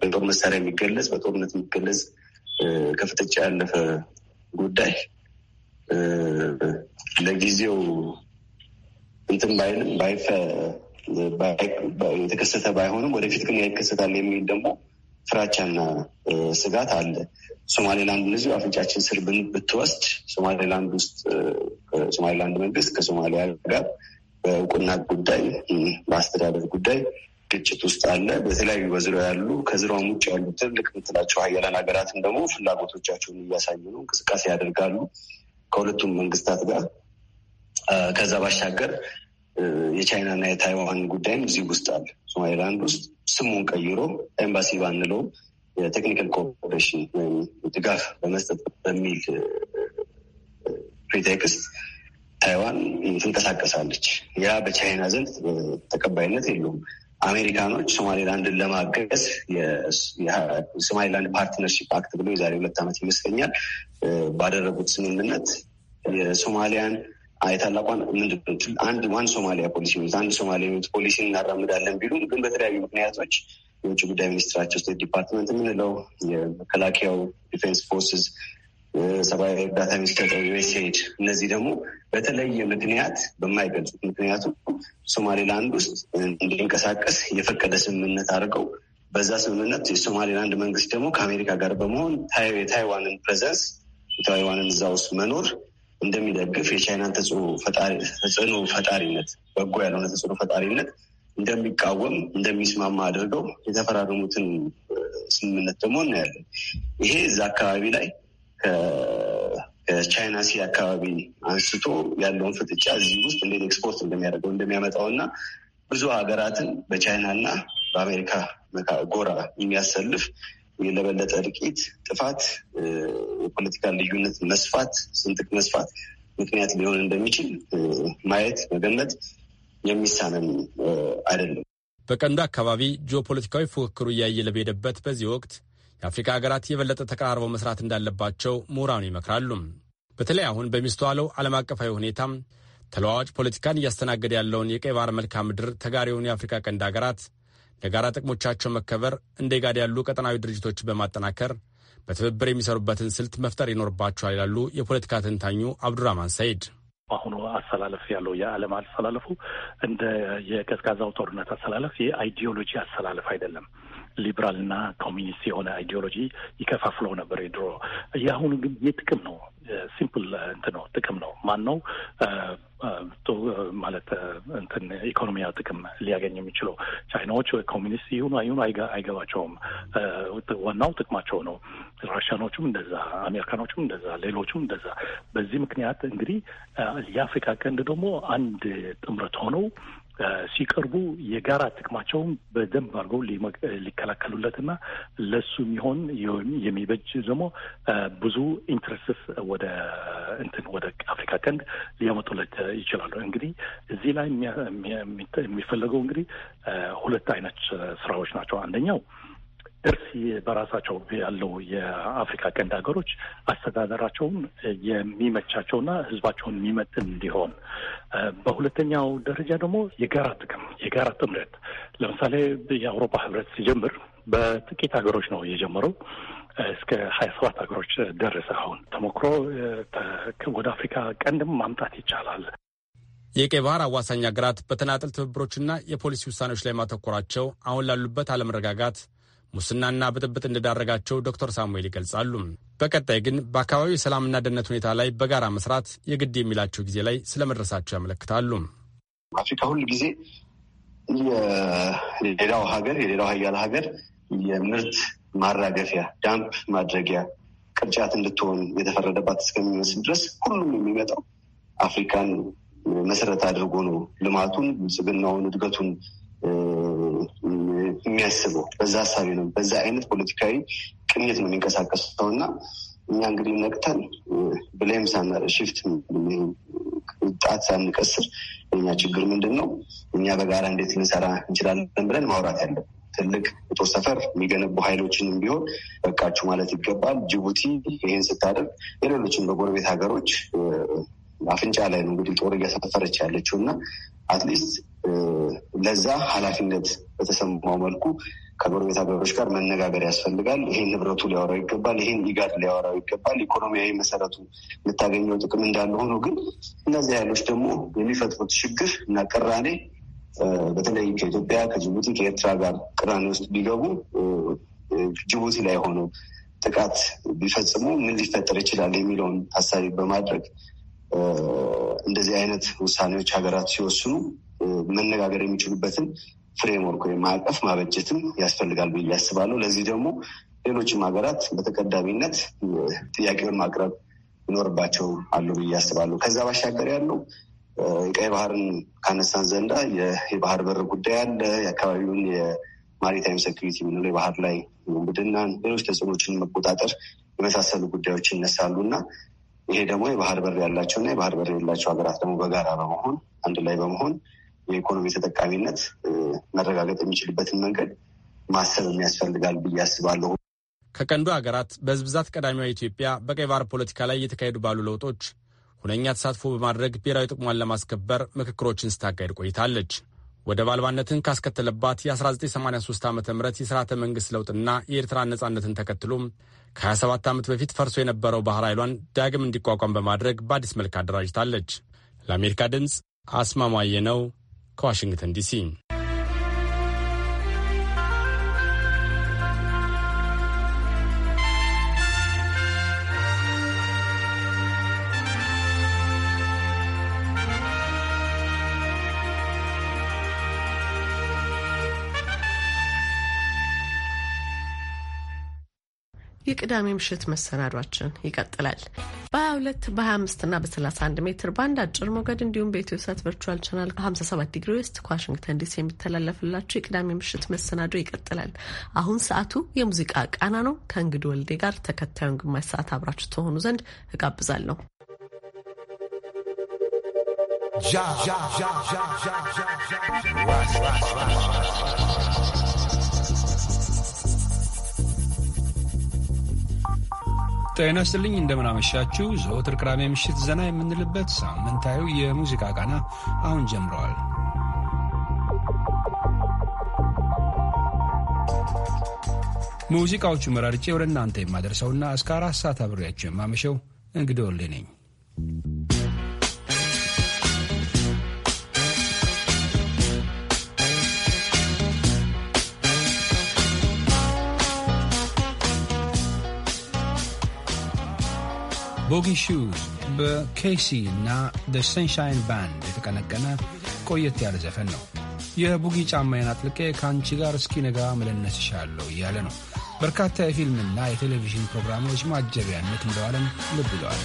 በጦር መሳሪያ የሚገለጽ በጦርነት የሚገለጽ ከፍተጫ ያለፈ ጉዳይ ለጊዜው እንትን ባይፈ የተከሰተ ባይሆንም ወደፊት ግን ያይከሰታል የሚል ደግሞ ፍራቻና ስጋት አለ። ሶማሌላንድ እነዚሁ አፍንጫችን ስር ብትወስድ ሶማሌላንድ ውስጥ ሶማሌላንድ መንግስት ከሶማሊያ ጋር በእውቅና ጉዳይ በአስተዳደር ጉዳይ ግጭት ውስጥ አለ። በተለያዩ በዙሪያው ያሉ ከዙሪያውም ውጭ ያሉ ትልቅ የምትላቸው ሀያላን ሀገራትም ደግሞ ፍላጎቶቻቸውን እያሳዩ ነው፣ እንቅስቃሴ ያደርጋሉ ከሁለቱም መንግስታት ጋር ከዛ ባሻገር የቻይናና የታይዋን ጉዳይም እዚህ ውስጥ አለ። ሶማሌላንድ ውስጥ ስሙን ቀይሮ ኤምባሲ ባንለው የቴክኒካል ኮኦፕሬሽን ወይም ድጋፍ በመስጠት በሚል ፕሪቴክስት ታይዋን ትንቀሳቀሳለች። ያ በቻይና ዘንድ ተቀባይነት የለውም። አሜሪካኖች ሶማሌላንድን ለማገዝ የሶማሌላንድ ፓርትነርሽፕ አክት ብሎ የዛሬ ሁለት ዓመት ይመስለኛል ባደረጉት ስምምነት የሶማሊያን የታላቋን ምንድን አንድ ዋን ሶማሊያ ፖሊሲ አንድ ሶማሊያ ፖሊሲ እናራምዳለን ቢሉ ግን በተለያዩ ምክንያቶች የውጭ ጉዳይ ሚኒስትራቸው ስቴት ዲፓርትመንት የምንለው የመከላከያው ዲፌንስ ፎርስስ ሰብአዊ እርዳታ የሚሰጠው ዩኤስኤድ እነዚህ ደግሞ በተለየ ምክንያት በማይገልጹት ምክንያቱ ሶማሌላንድ ውስጥ እንዲንቀሳቀስ የፈቀደ ስምምነት አድርገው በዛ ስምምነት የሶማሌላንድ መንግስት ደግሞ ከአሜሪካ ጋር በመሆን የታይዋንን ፕሬዘንስ የታይዋንን እዛ ውስጥ መኖር እንደሚደግፍ የቻይና ተጽዕኖ ፈጣሪነት በጎ ያልሆነ ተጽዕኖ ፈጣሪነት እንደሚቃወም እንደሚስማማ አድርገው የተፈራረሙትን ስምምነት ደግሞ እናያለን። ይሄ እዛ አካባቢ ላይ ከቻይና ሲ አካባቢ አንስቶ ያለውን ፍጥጫ እዚህ ውስጥ እንዴት ኤክስፖርት እንደሚያደርገው እንደሚያመጣው እና ብዙ ሀገራትን በቻይና እና በአሜሪካ ጎራ የሚያሰልፍ የለበለጠ ርቂት ጥፋት፣ የፖለቲካ ልዩነት መስፋት፣ ስንጥቅ መስፋት ምክንያት ሊሆን እንደሚችል ማየት መገመት የሚሳነን አይደለም። በቀንዱ አካባቢ ጂኦፖለቲካዊ ፉክክሩ እያየለ በሄደበት በዚህ ወቅት የአፍሪካ ሀገራት የበለጠ ተቀራርበው መስራት እንዳለባቸው ምሁራኑ ይመክራሉ። በተለይ አሁን በሚስተዋለው ዓለም አቀፋዊ ሁኔታም ተለዋዋጭ ፖለቲካን እያስተናገደ ያለውን የቀይ ባህር መልክዓ ምድር ተጋሪውን የአፍሪካ ቀንድ ሀገራት ለጋራ ጥቅሞቻቸው መከበር እንደ ኢጋድ ያሉ ቀጠናዊ ድርጅቶች በማጠናከር በትብብር የሚሰሩበትን ስልት መፍጠር ይኖርባቸዋል ይላሉ የፖለቲካ ተንታኙ አብዱራማን ሰይድ። አሁኑ አሰላለፍ ያለው የዓለም አሰላለፉ እንደ የቀዝቃዛው ጦርነት አሰላለፍ የአይዲዮሎጂ አሰላለፍ አይደለም። ሊብራልና ኮሚኒስት የሆነ አይዲዮሎጂ ይከፋፍለው ነበር የድሮ። የአሁኑ ግን የጥቅም ነው፣ ሲምፕል እንትን ነው፣ ጥቅም ነው። ማን ነው ማለት እንትን ኢኮኖሚያ ጥቅም ሊያገኝ የሚችለው? ቻይናዎች ኮሚኒስት ይሁኑ አይሁኑ አይገባቸውም። ዋናው ጥቅማቸው ነው። ራሽያኖቹም እንደዛ፣ አሜሪካኖቹም እንደዛ፣ ሌሎቹም እንደዛ። በዚህ ምክንያት እንግዲህ የአፍሪካ ቀንድ ደግሞ አንድ ጥምረት ሆነው ሲቀርቡ የጋራ ጥቅማቸውን በደንብ አድርገው ሊከላከሉለትና ለሱ የሚሆን የሚበጅ ደግሞ ብዙ ኢንትረስትስ ወደ እንትን ወደ አፍሪካ ቀንድ ሊያመጡለት ይችላሉ። እንግዲህ እዚህ ላይ የሚፈለገው እንግዲህ ሁለት አይነት ስራዎች ናቸው። አንደኛው እርስ በራሳቸው ያለው የአፍሪካ ቀንድ ሀገሮች አስተዳደራቸውን የሚመቻቸውና ህዝባቸውን የሚመጥን እንዲሆን፣ በሁለተኛው ደረጃ ደግሞ የጋራ ጥቅም የጋራ ጥምረት። ለምሳሌ የአውሮፓ ህብረት ሲጀምር በጥቂት ሀገሮች ነው የጀመረው። እስከ ሀያ ሰባት ሀገሮች ደረሰ። አሁን ተሞክሮ ወደ አፍሪካ ቀንድም ማምጣት ይቻላል። የቀይ ባህር አዋሳኝ ሀገራት በተናጠል ትብብሮችና የፖሊሲ ውሳኔዎች ላይ ማተኮራቸው አሁን ላሉበት አለመረጋጋት ሙስናና ብጥብጥ እንደዳረጋቸው ዶክተር ሳሙኤል ይገልጻሉ። በቀጣይ ግን በአካባቢው የሰላምና ደህንነት ሁኔታ ላይ በጋራ መስራት የግድ የሚላቸው ጊዜ ላይ ስለመድረሳቸው ያመለክታሉ። አፍሪካ ሁል ጊዜ የሌላው ሀገር የሌላው ሀያል ሀገር የምርት ማራገፊያ ዳምፕ ማድረጊያ ቅርጫት እንድትሆን የተፈረደባት እስከሚመስል ድረስ ሁሉም የሚመጣው አፍሪካን መሰረት አድርጎ ነው። ልማቱን፣ ብልጽግናውን፣ እድገቱን የሚያስበው በዛ ሀሳቢ ነው። በዛ አይነት ፖለቲካዊ ቅኝት ነው የሚንቀሳቀሰው እና እኛ እንግዲህ ነቅተን ብሌም ሳናረ ሽፍት ጣት ሳንቀስር የኛ ችግር ምንድን ነው፣ እኛ በጋራ እንዴት ልንሰራ እንችላለን ብለን ማውራት ያለን ትልቅ ጦር ሰፈር የሚገነቡ ኃይሎችንም ቢሆን በቃችሁ ማለት ይገባል። ጅቡቲ ይህን ስታደርግ የሌሎችን በጎረቤት ሀገሮች አፍንጫ ላይ ነው እንግዲህ ጦር እያሰፈረች ያለችው እና አትሊስት ለዛ ኃላፊነት በተሰማው መልኩ ከጎረቤት ሀገሮች ጋር መነጋገር ያስፈልጋል። ይሄን ንብረቱ ሊያወራው ይገባል። ይሄን ኢጋድ ሊያወራው ይገባል። ኢኮኖሚያዊ መሰረቱ የምታገኘው ጥቅም እንዳለ ሆኖ ግን እነዚህ ኃይሎች ደግሞ የሚፈጥሩት ችግር እና ቅራኔ በተለይ ከኢትዮጵያ ከጅቡቲ፣ ከኤርትራ ጋር ቅራኔ ውስጥ ቢገቡ ጅቡቲ ላይ ሆነው ጥቃት ቢፈጽሙ ምን ሊፈጠር ይችላል የሚለውን ታሳቢ በማድረግ እንደዚህ አይነት ውሳኔዎች ሀገራት ሲወስኑ መነጋገር የሚችሉበትን ፍሬምወርክ ወይም ማዕቀፍ ማበጀትም ያስፈልጋል ብዬ ያስባለሁ። ለዚህ ደግሞ ሌሎችም ሀገራት በተቀዳሚነት ጥያቄውን ማቅረብ ይኖርባቸው አሉ ብዬ ያስባለሁ። ከዛ ባሻገር ያለው የቀይ ባህርን ካነሳን ዘንዳ የባህር በር ጉዳይ አለ። የአካባቢውን የማሪታይም ሴኩሪቲ የምንለው የባህር ላይ ውንብድናን፣ ሌሎች ተጽዕኖችን መቆጣጠር የመሳሰሉ ጉዳዮች ይነሳሉ እና ይሄ ደግሞ የባህር በር ያላቸው እና የባህር በር የሌላቸው ሀገራት ደግሞ በጋራ በመሆን አንድ ላይ በመሆን የኢኮኖሚ ተጠቃሚነት መረጋገጥ የሚችልበትን መንገድ ማሰብ የሚያስፈልጋል ብዬ አስባለሁ። ከቀንዱ ሀገራት በህዝብ ብዛት ቀዳሚዋ ኢትዮጵያ በቀይ ባህር ፖለቲካ ላይ እየተካሄዱ ባሉ ለውጦች ሁነኛ ተሳትፎ በማድረግ ብሔራዊ ጥቅሟን ለማስከበር ምክክሮችን ስታካሄድ ቆይታለች። ወደብ አልባነትን ካስከተለባት የ1983 ዓ ም የሥርዓተ መንግሥት ለውጥና የኤርትራ ነጻነትን ተከትሎም ከ27 ዓመት በፊት ፈርሶ የነበረው ባህር ኃይሏን ዳግም እንዲቋቋም በማድረግ በአዲስ መልክ አደራጅታለች። ለአሜሪካ ድምፅ አስማማየ ነው ከዋሽንግተን ዲሲ የቅዳሜ ምሽት መሰናዷችን ይቀጥላል። በ22 በ25 እና በ31 ሜትር ባንድ አጭር ሞገድ እንዲሁም በኢትዮ ሳት ቨርቹዋል ቻናል 57 ዲግሪ ውስጥ ከዋሽንግተን ዲሲ የሚተላለፍላችሁ የቅዳሜ ምሽት መሰናዶ ይቀጥላል። አሁን ሰዓቱ የሙዚቃ ቃና ነው። ከእንግዲ ወልዴ ጋር ተከታዩን ግማሽ ሰዓት አብራችሁ ተሆኑ ዘንድ እጋብዛለሁ። ja ጤና ይስጥልኝ እንደምናመሻችሁ። ዘወትር ቅዳሜ ምሽት ዘና የምንልበት ሳምንታዊ የሙዚቃ ቃና አሁን ጀምረዋል። ሙዚቃዎቹ መራርጬ ወደ እናንተ የማደርሰውና እስከ አራት ሰዓት አብሬያቸው የማመሸው እንግዲህ ወልዴ ነኝ። ቦጊ ሹዝ በኬሲ እና ደ ሰንሻይን ባንድ የተቀነቀነ ቆየት ያለ ዘፈን ነው። የቡጊ ጫማዬን አጥልቄ ከአንቺ ጋር እስኪ ነጋ መለነስ እሻለሁ እያለ ነው። በርካታ የፊልምና የቴሌቪዥን ፕሮግራሞች ማጀቢያነት እንደዋለም ልብ ይለዋል።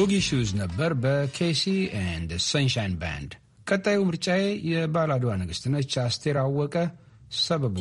ቦጊ ሹዝ ነበር በኬሲ ኤንድ ሰንሻይን ባንድ። ቀጣዩ ምርጫዬ የባላዷ ንግሥት ነች፣ አስቴር አወቀ ሰበቡ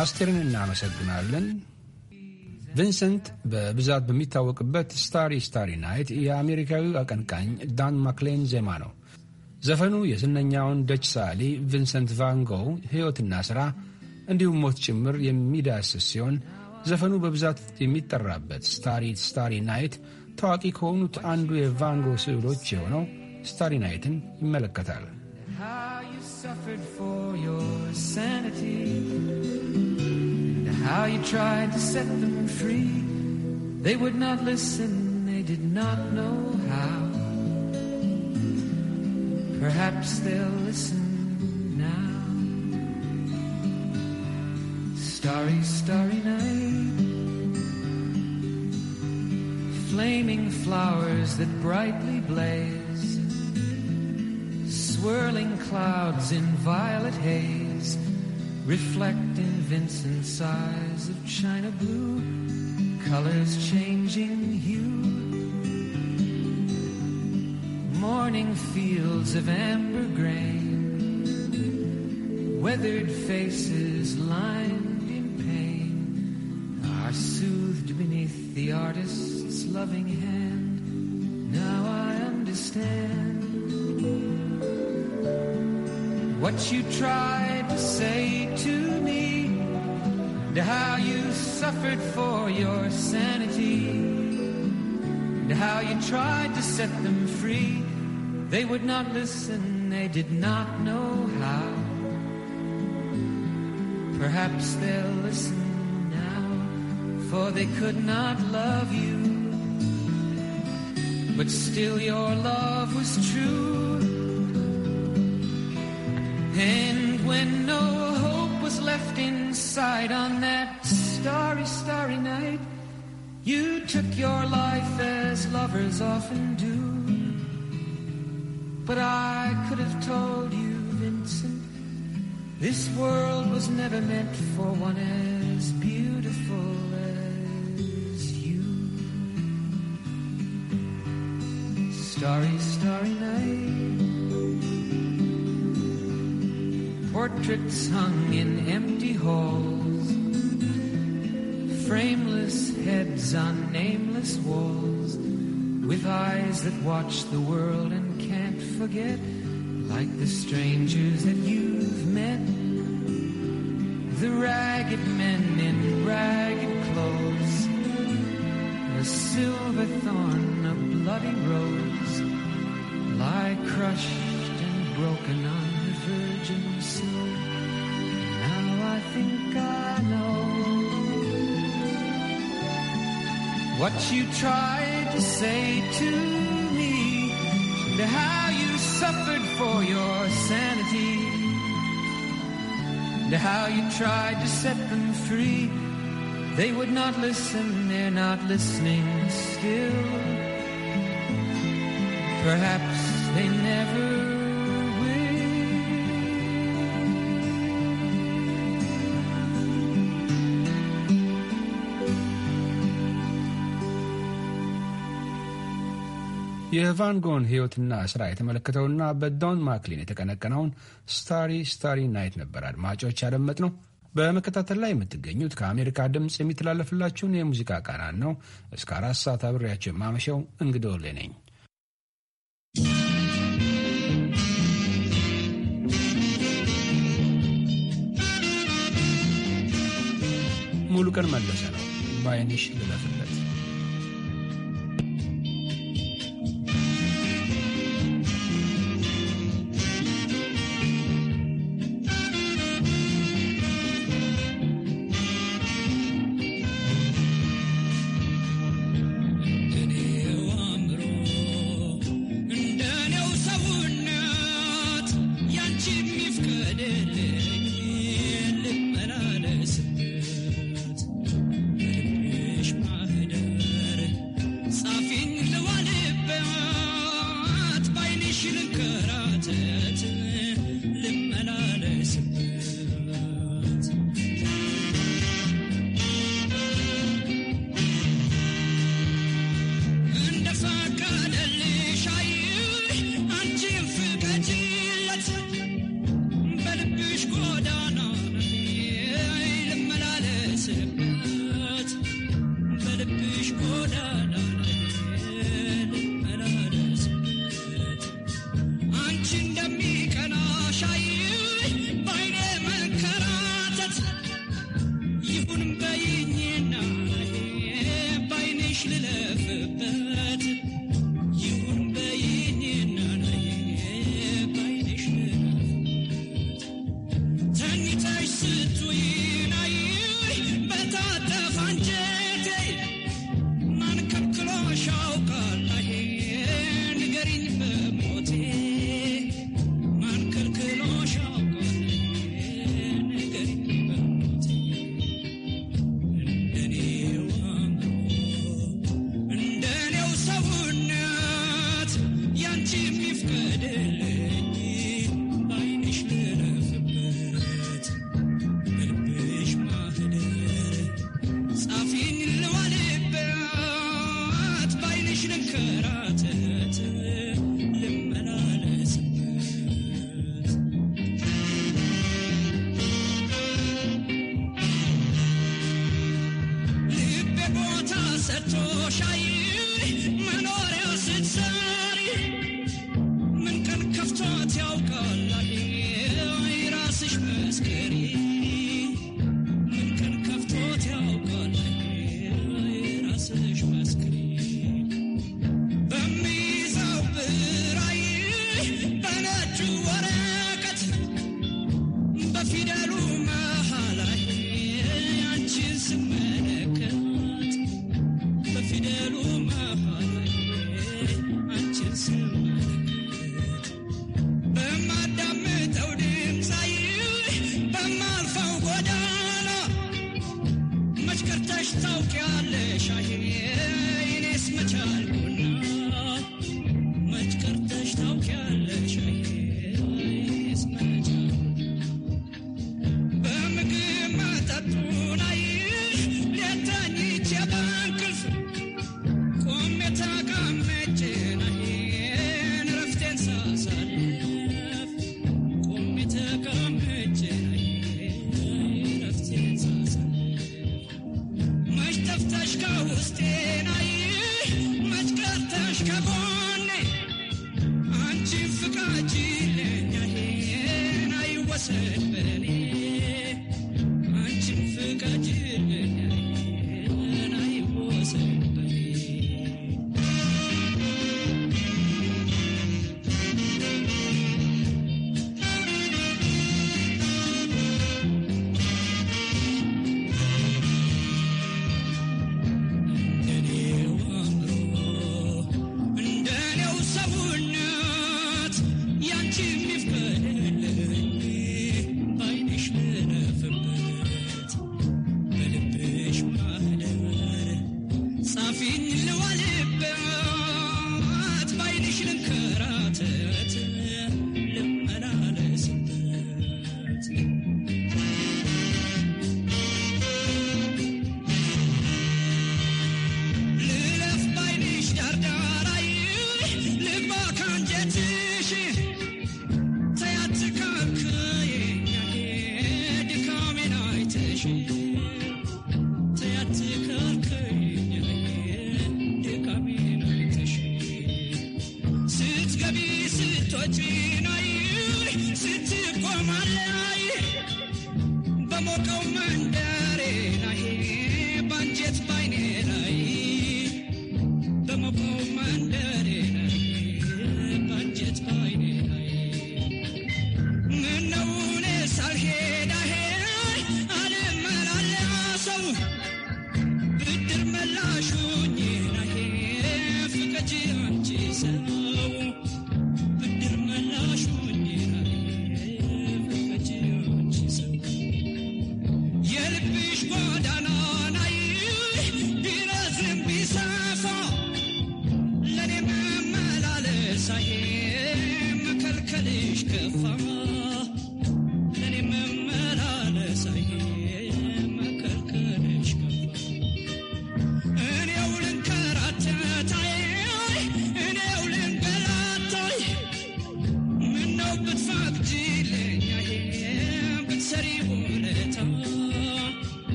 አስቴርን እናመሰግናለን። ቪንሰንት በብዛት በሚታወቅበት ስታሪ ስታሪ ናይት የአሜሪካዊው አቀንቃኝ ዳን ማክሌን ዜማ ነው። ዘፈኑ የዝነኛውን ደች ሳሊ ቪንሰንት ቫንጎ ሕይወትና ሥራ እንዲሁም ሞት ጭምር የሚዳስስ ሲሆን ዘፈኑ በብዛት የሚጠራበት ስታሪ ስታሪ ናይት ታዋቂ ከሆኑት አንዱ የቫንጎ ስዕሎች የሆነው ስታሪ ናይትን ይመለከታል። how you tried to set them free. They would not listen, they did not know how. Perhaps they'll listen now. Starry, starry night. Flaming flowers that brightly blaze. Swirling clouds in violet haze reflecting Vincent's eyes of china blue, colors changing hue. Morning fields of amber grain, weathered faces lined in pain are soothed beneath the artist's loving hand. Now I understand what you tried say to me and how you suffered for your sanity and how you tried to set them free. They would not listen, they did not know how. Perhaps they'll listen now, for they could not love you. But still, your love was true. And when no hope was left inside on that starry, starry night. You took your life as lovers often do. But I could have told you, Vincent, this world was never meant for one as beautiful as you. Starry, starry night. portraits hung in empty halls, frameless heads on nameless walls, with eyes that watch the world and can't forget, like the strangers that you've met. The ragged men in ragged clothes, a silver thorn, a bloody rose, lie crushed and broken on now I think I know what you tried to say to me, and how you suffered for your sanity, and how you tried to set them free. They would not listen, they're not listening still. Perhaps they never የቫንጎን ሕይወትና ሥራ የተመለከተውና በዶን ማክሊን የተቀነቀነውን ስታሪ ስታሪ ናይት ነበር አድማጮች ያደመጥ ነው። በመከታተል ላይ የምትገኙት ከአሜሪካ ድምፅ የሚተላለፍላችሁን የሙዚቃ ቃናን ነው። እስከ አራት ሰዓት አብሬያቸው የማመሸው እንግዲህ ነኝ። ሙሉ ቀን መለሰ ነው ባይንሽ ልለፍን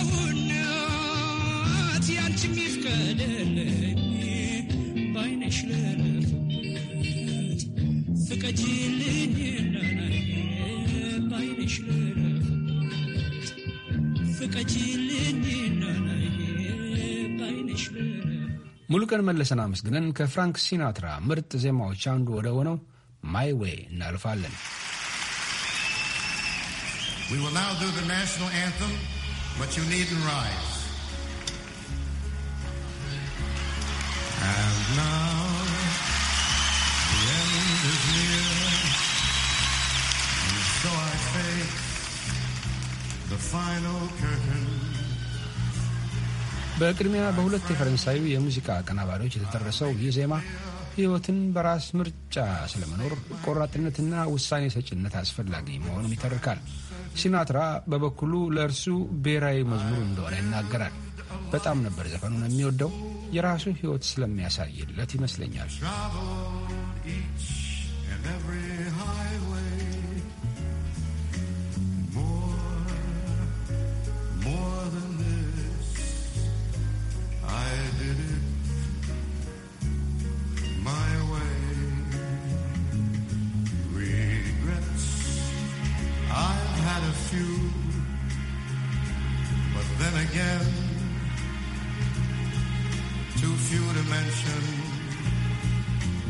እናት ቀን ሙሉቀን መለሰን አመስግነን ከፍራንክ ሲናትራ ምርጥ ዜማዎች አንዱ ወደ ሆነው ማይ ዌይ እናልፋለን We will now do the national anthem. But you needn't rise. And now the end is near, and so I face the final curtain. በቅድሚያ በሁለት የፈረንሳዩ የሙዚቃ አቀናባሪዎች የተደረሰው ይህ ዜማ ሕይወትን በራስ ምርጫ ስለመኖር ቆራጥነትና ውሳኔ ሰጭነት አስፈላጊ መሆኑን ይተርካል። ሲናትራ በበኩሉ ለእርሱ ብሔራዊ መዝሙር እንደሆነ ይናገራል። በጣም ነበር ዘፈኑን የሚወደው። የራሱ ሕይወት ስለሚያሳይለት ይመስለኛል። I did it. my way. Regrets, I've had a few, but then again, too few to mention.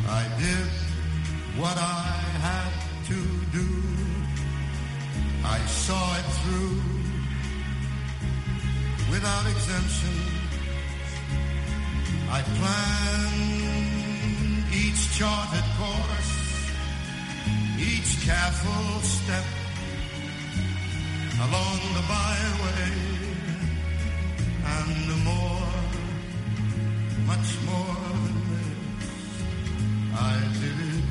I did what I had to do. I saw it through without exemption. I planned charted course, each careful step along the byway, and more, much more than this, I did it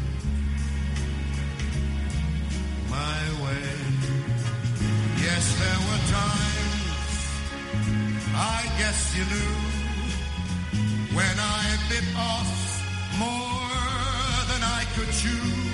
my way. Yes, there were times, I guess you knew, when I bit off more could choose.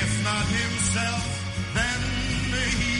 If not himself, then he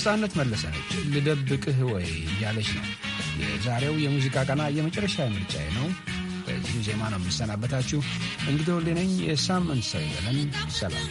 ነፃነት መለሰች ልደብቅህ ወይ እያለች ነው። የዛሬው የሙዚቃ ቀና የመጨረሻ ምርጫዬ ነው። በዚሁ ዜማ ነው የምሰናበታችሁ። እንግዲህ ወሌ ነኝ። የሳምንት ሰው ይበለን። ሰላም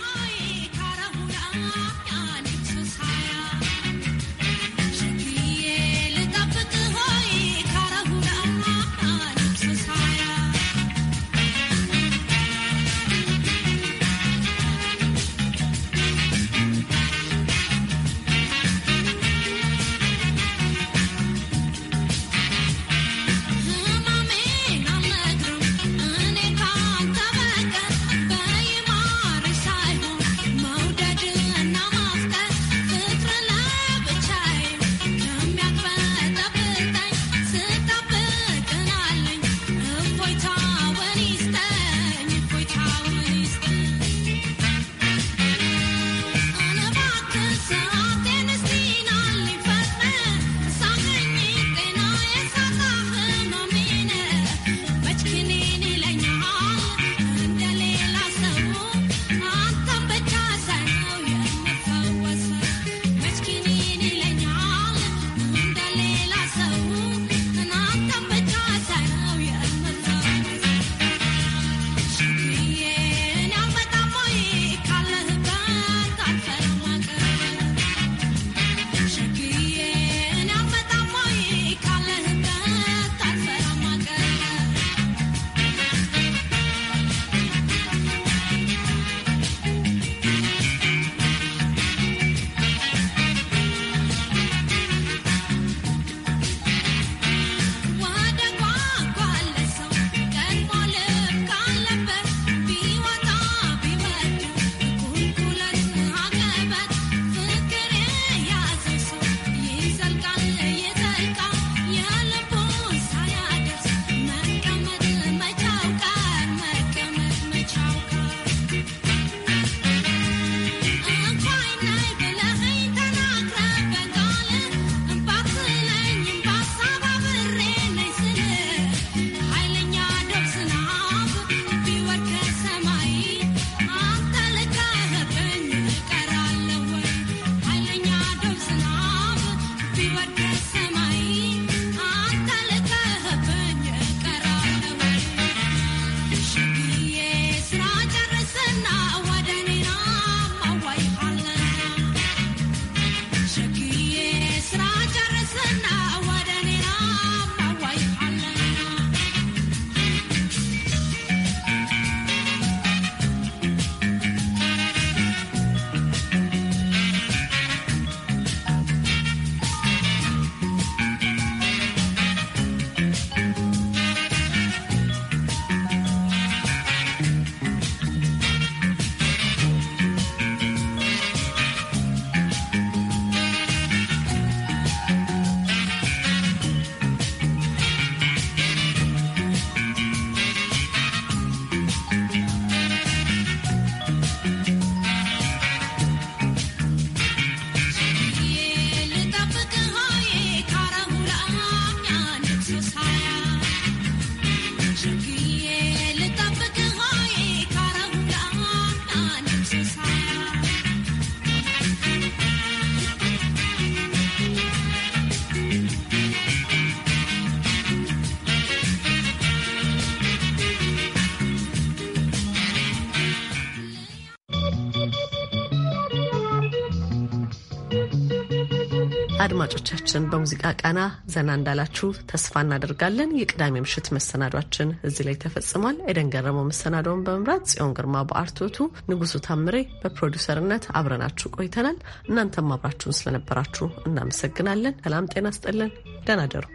አድማጮቻችን በሙዚቃ ቃና ዘና እንዳላችሁ ተስፋ እናደርጋለን። የቅዳሜ ምሽት መሰናዷችን እዚህ ላይ ተፈጽሟል። ኤደን ገረመው መሰናዶውን በመምራት ጽዮን ግርማ፣ በአርቶቱ ንጉሱ ታምሬ በፕሮዲውሰርነት አብረናችሁ ቆይተናል። እናንተም አብራችሁን ስለነበራችሁ እናመሰግናለን። ሰላም ጤና ስጠለን። ደህና ደሩ።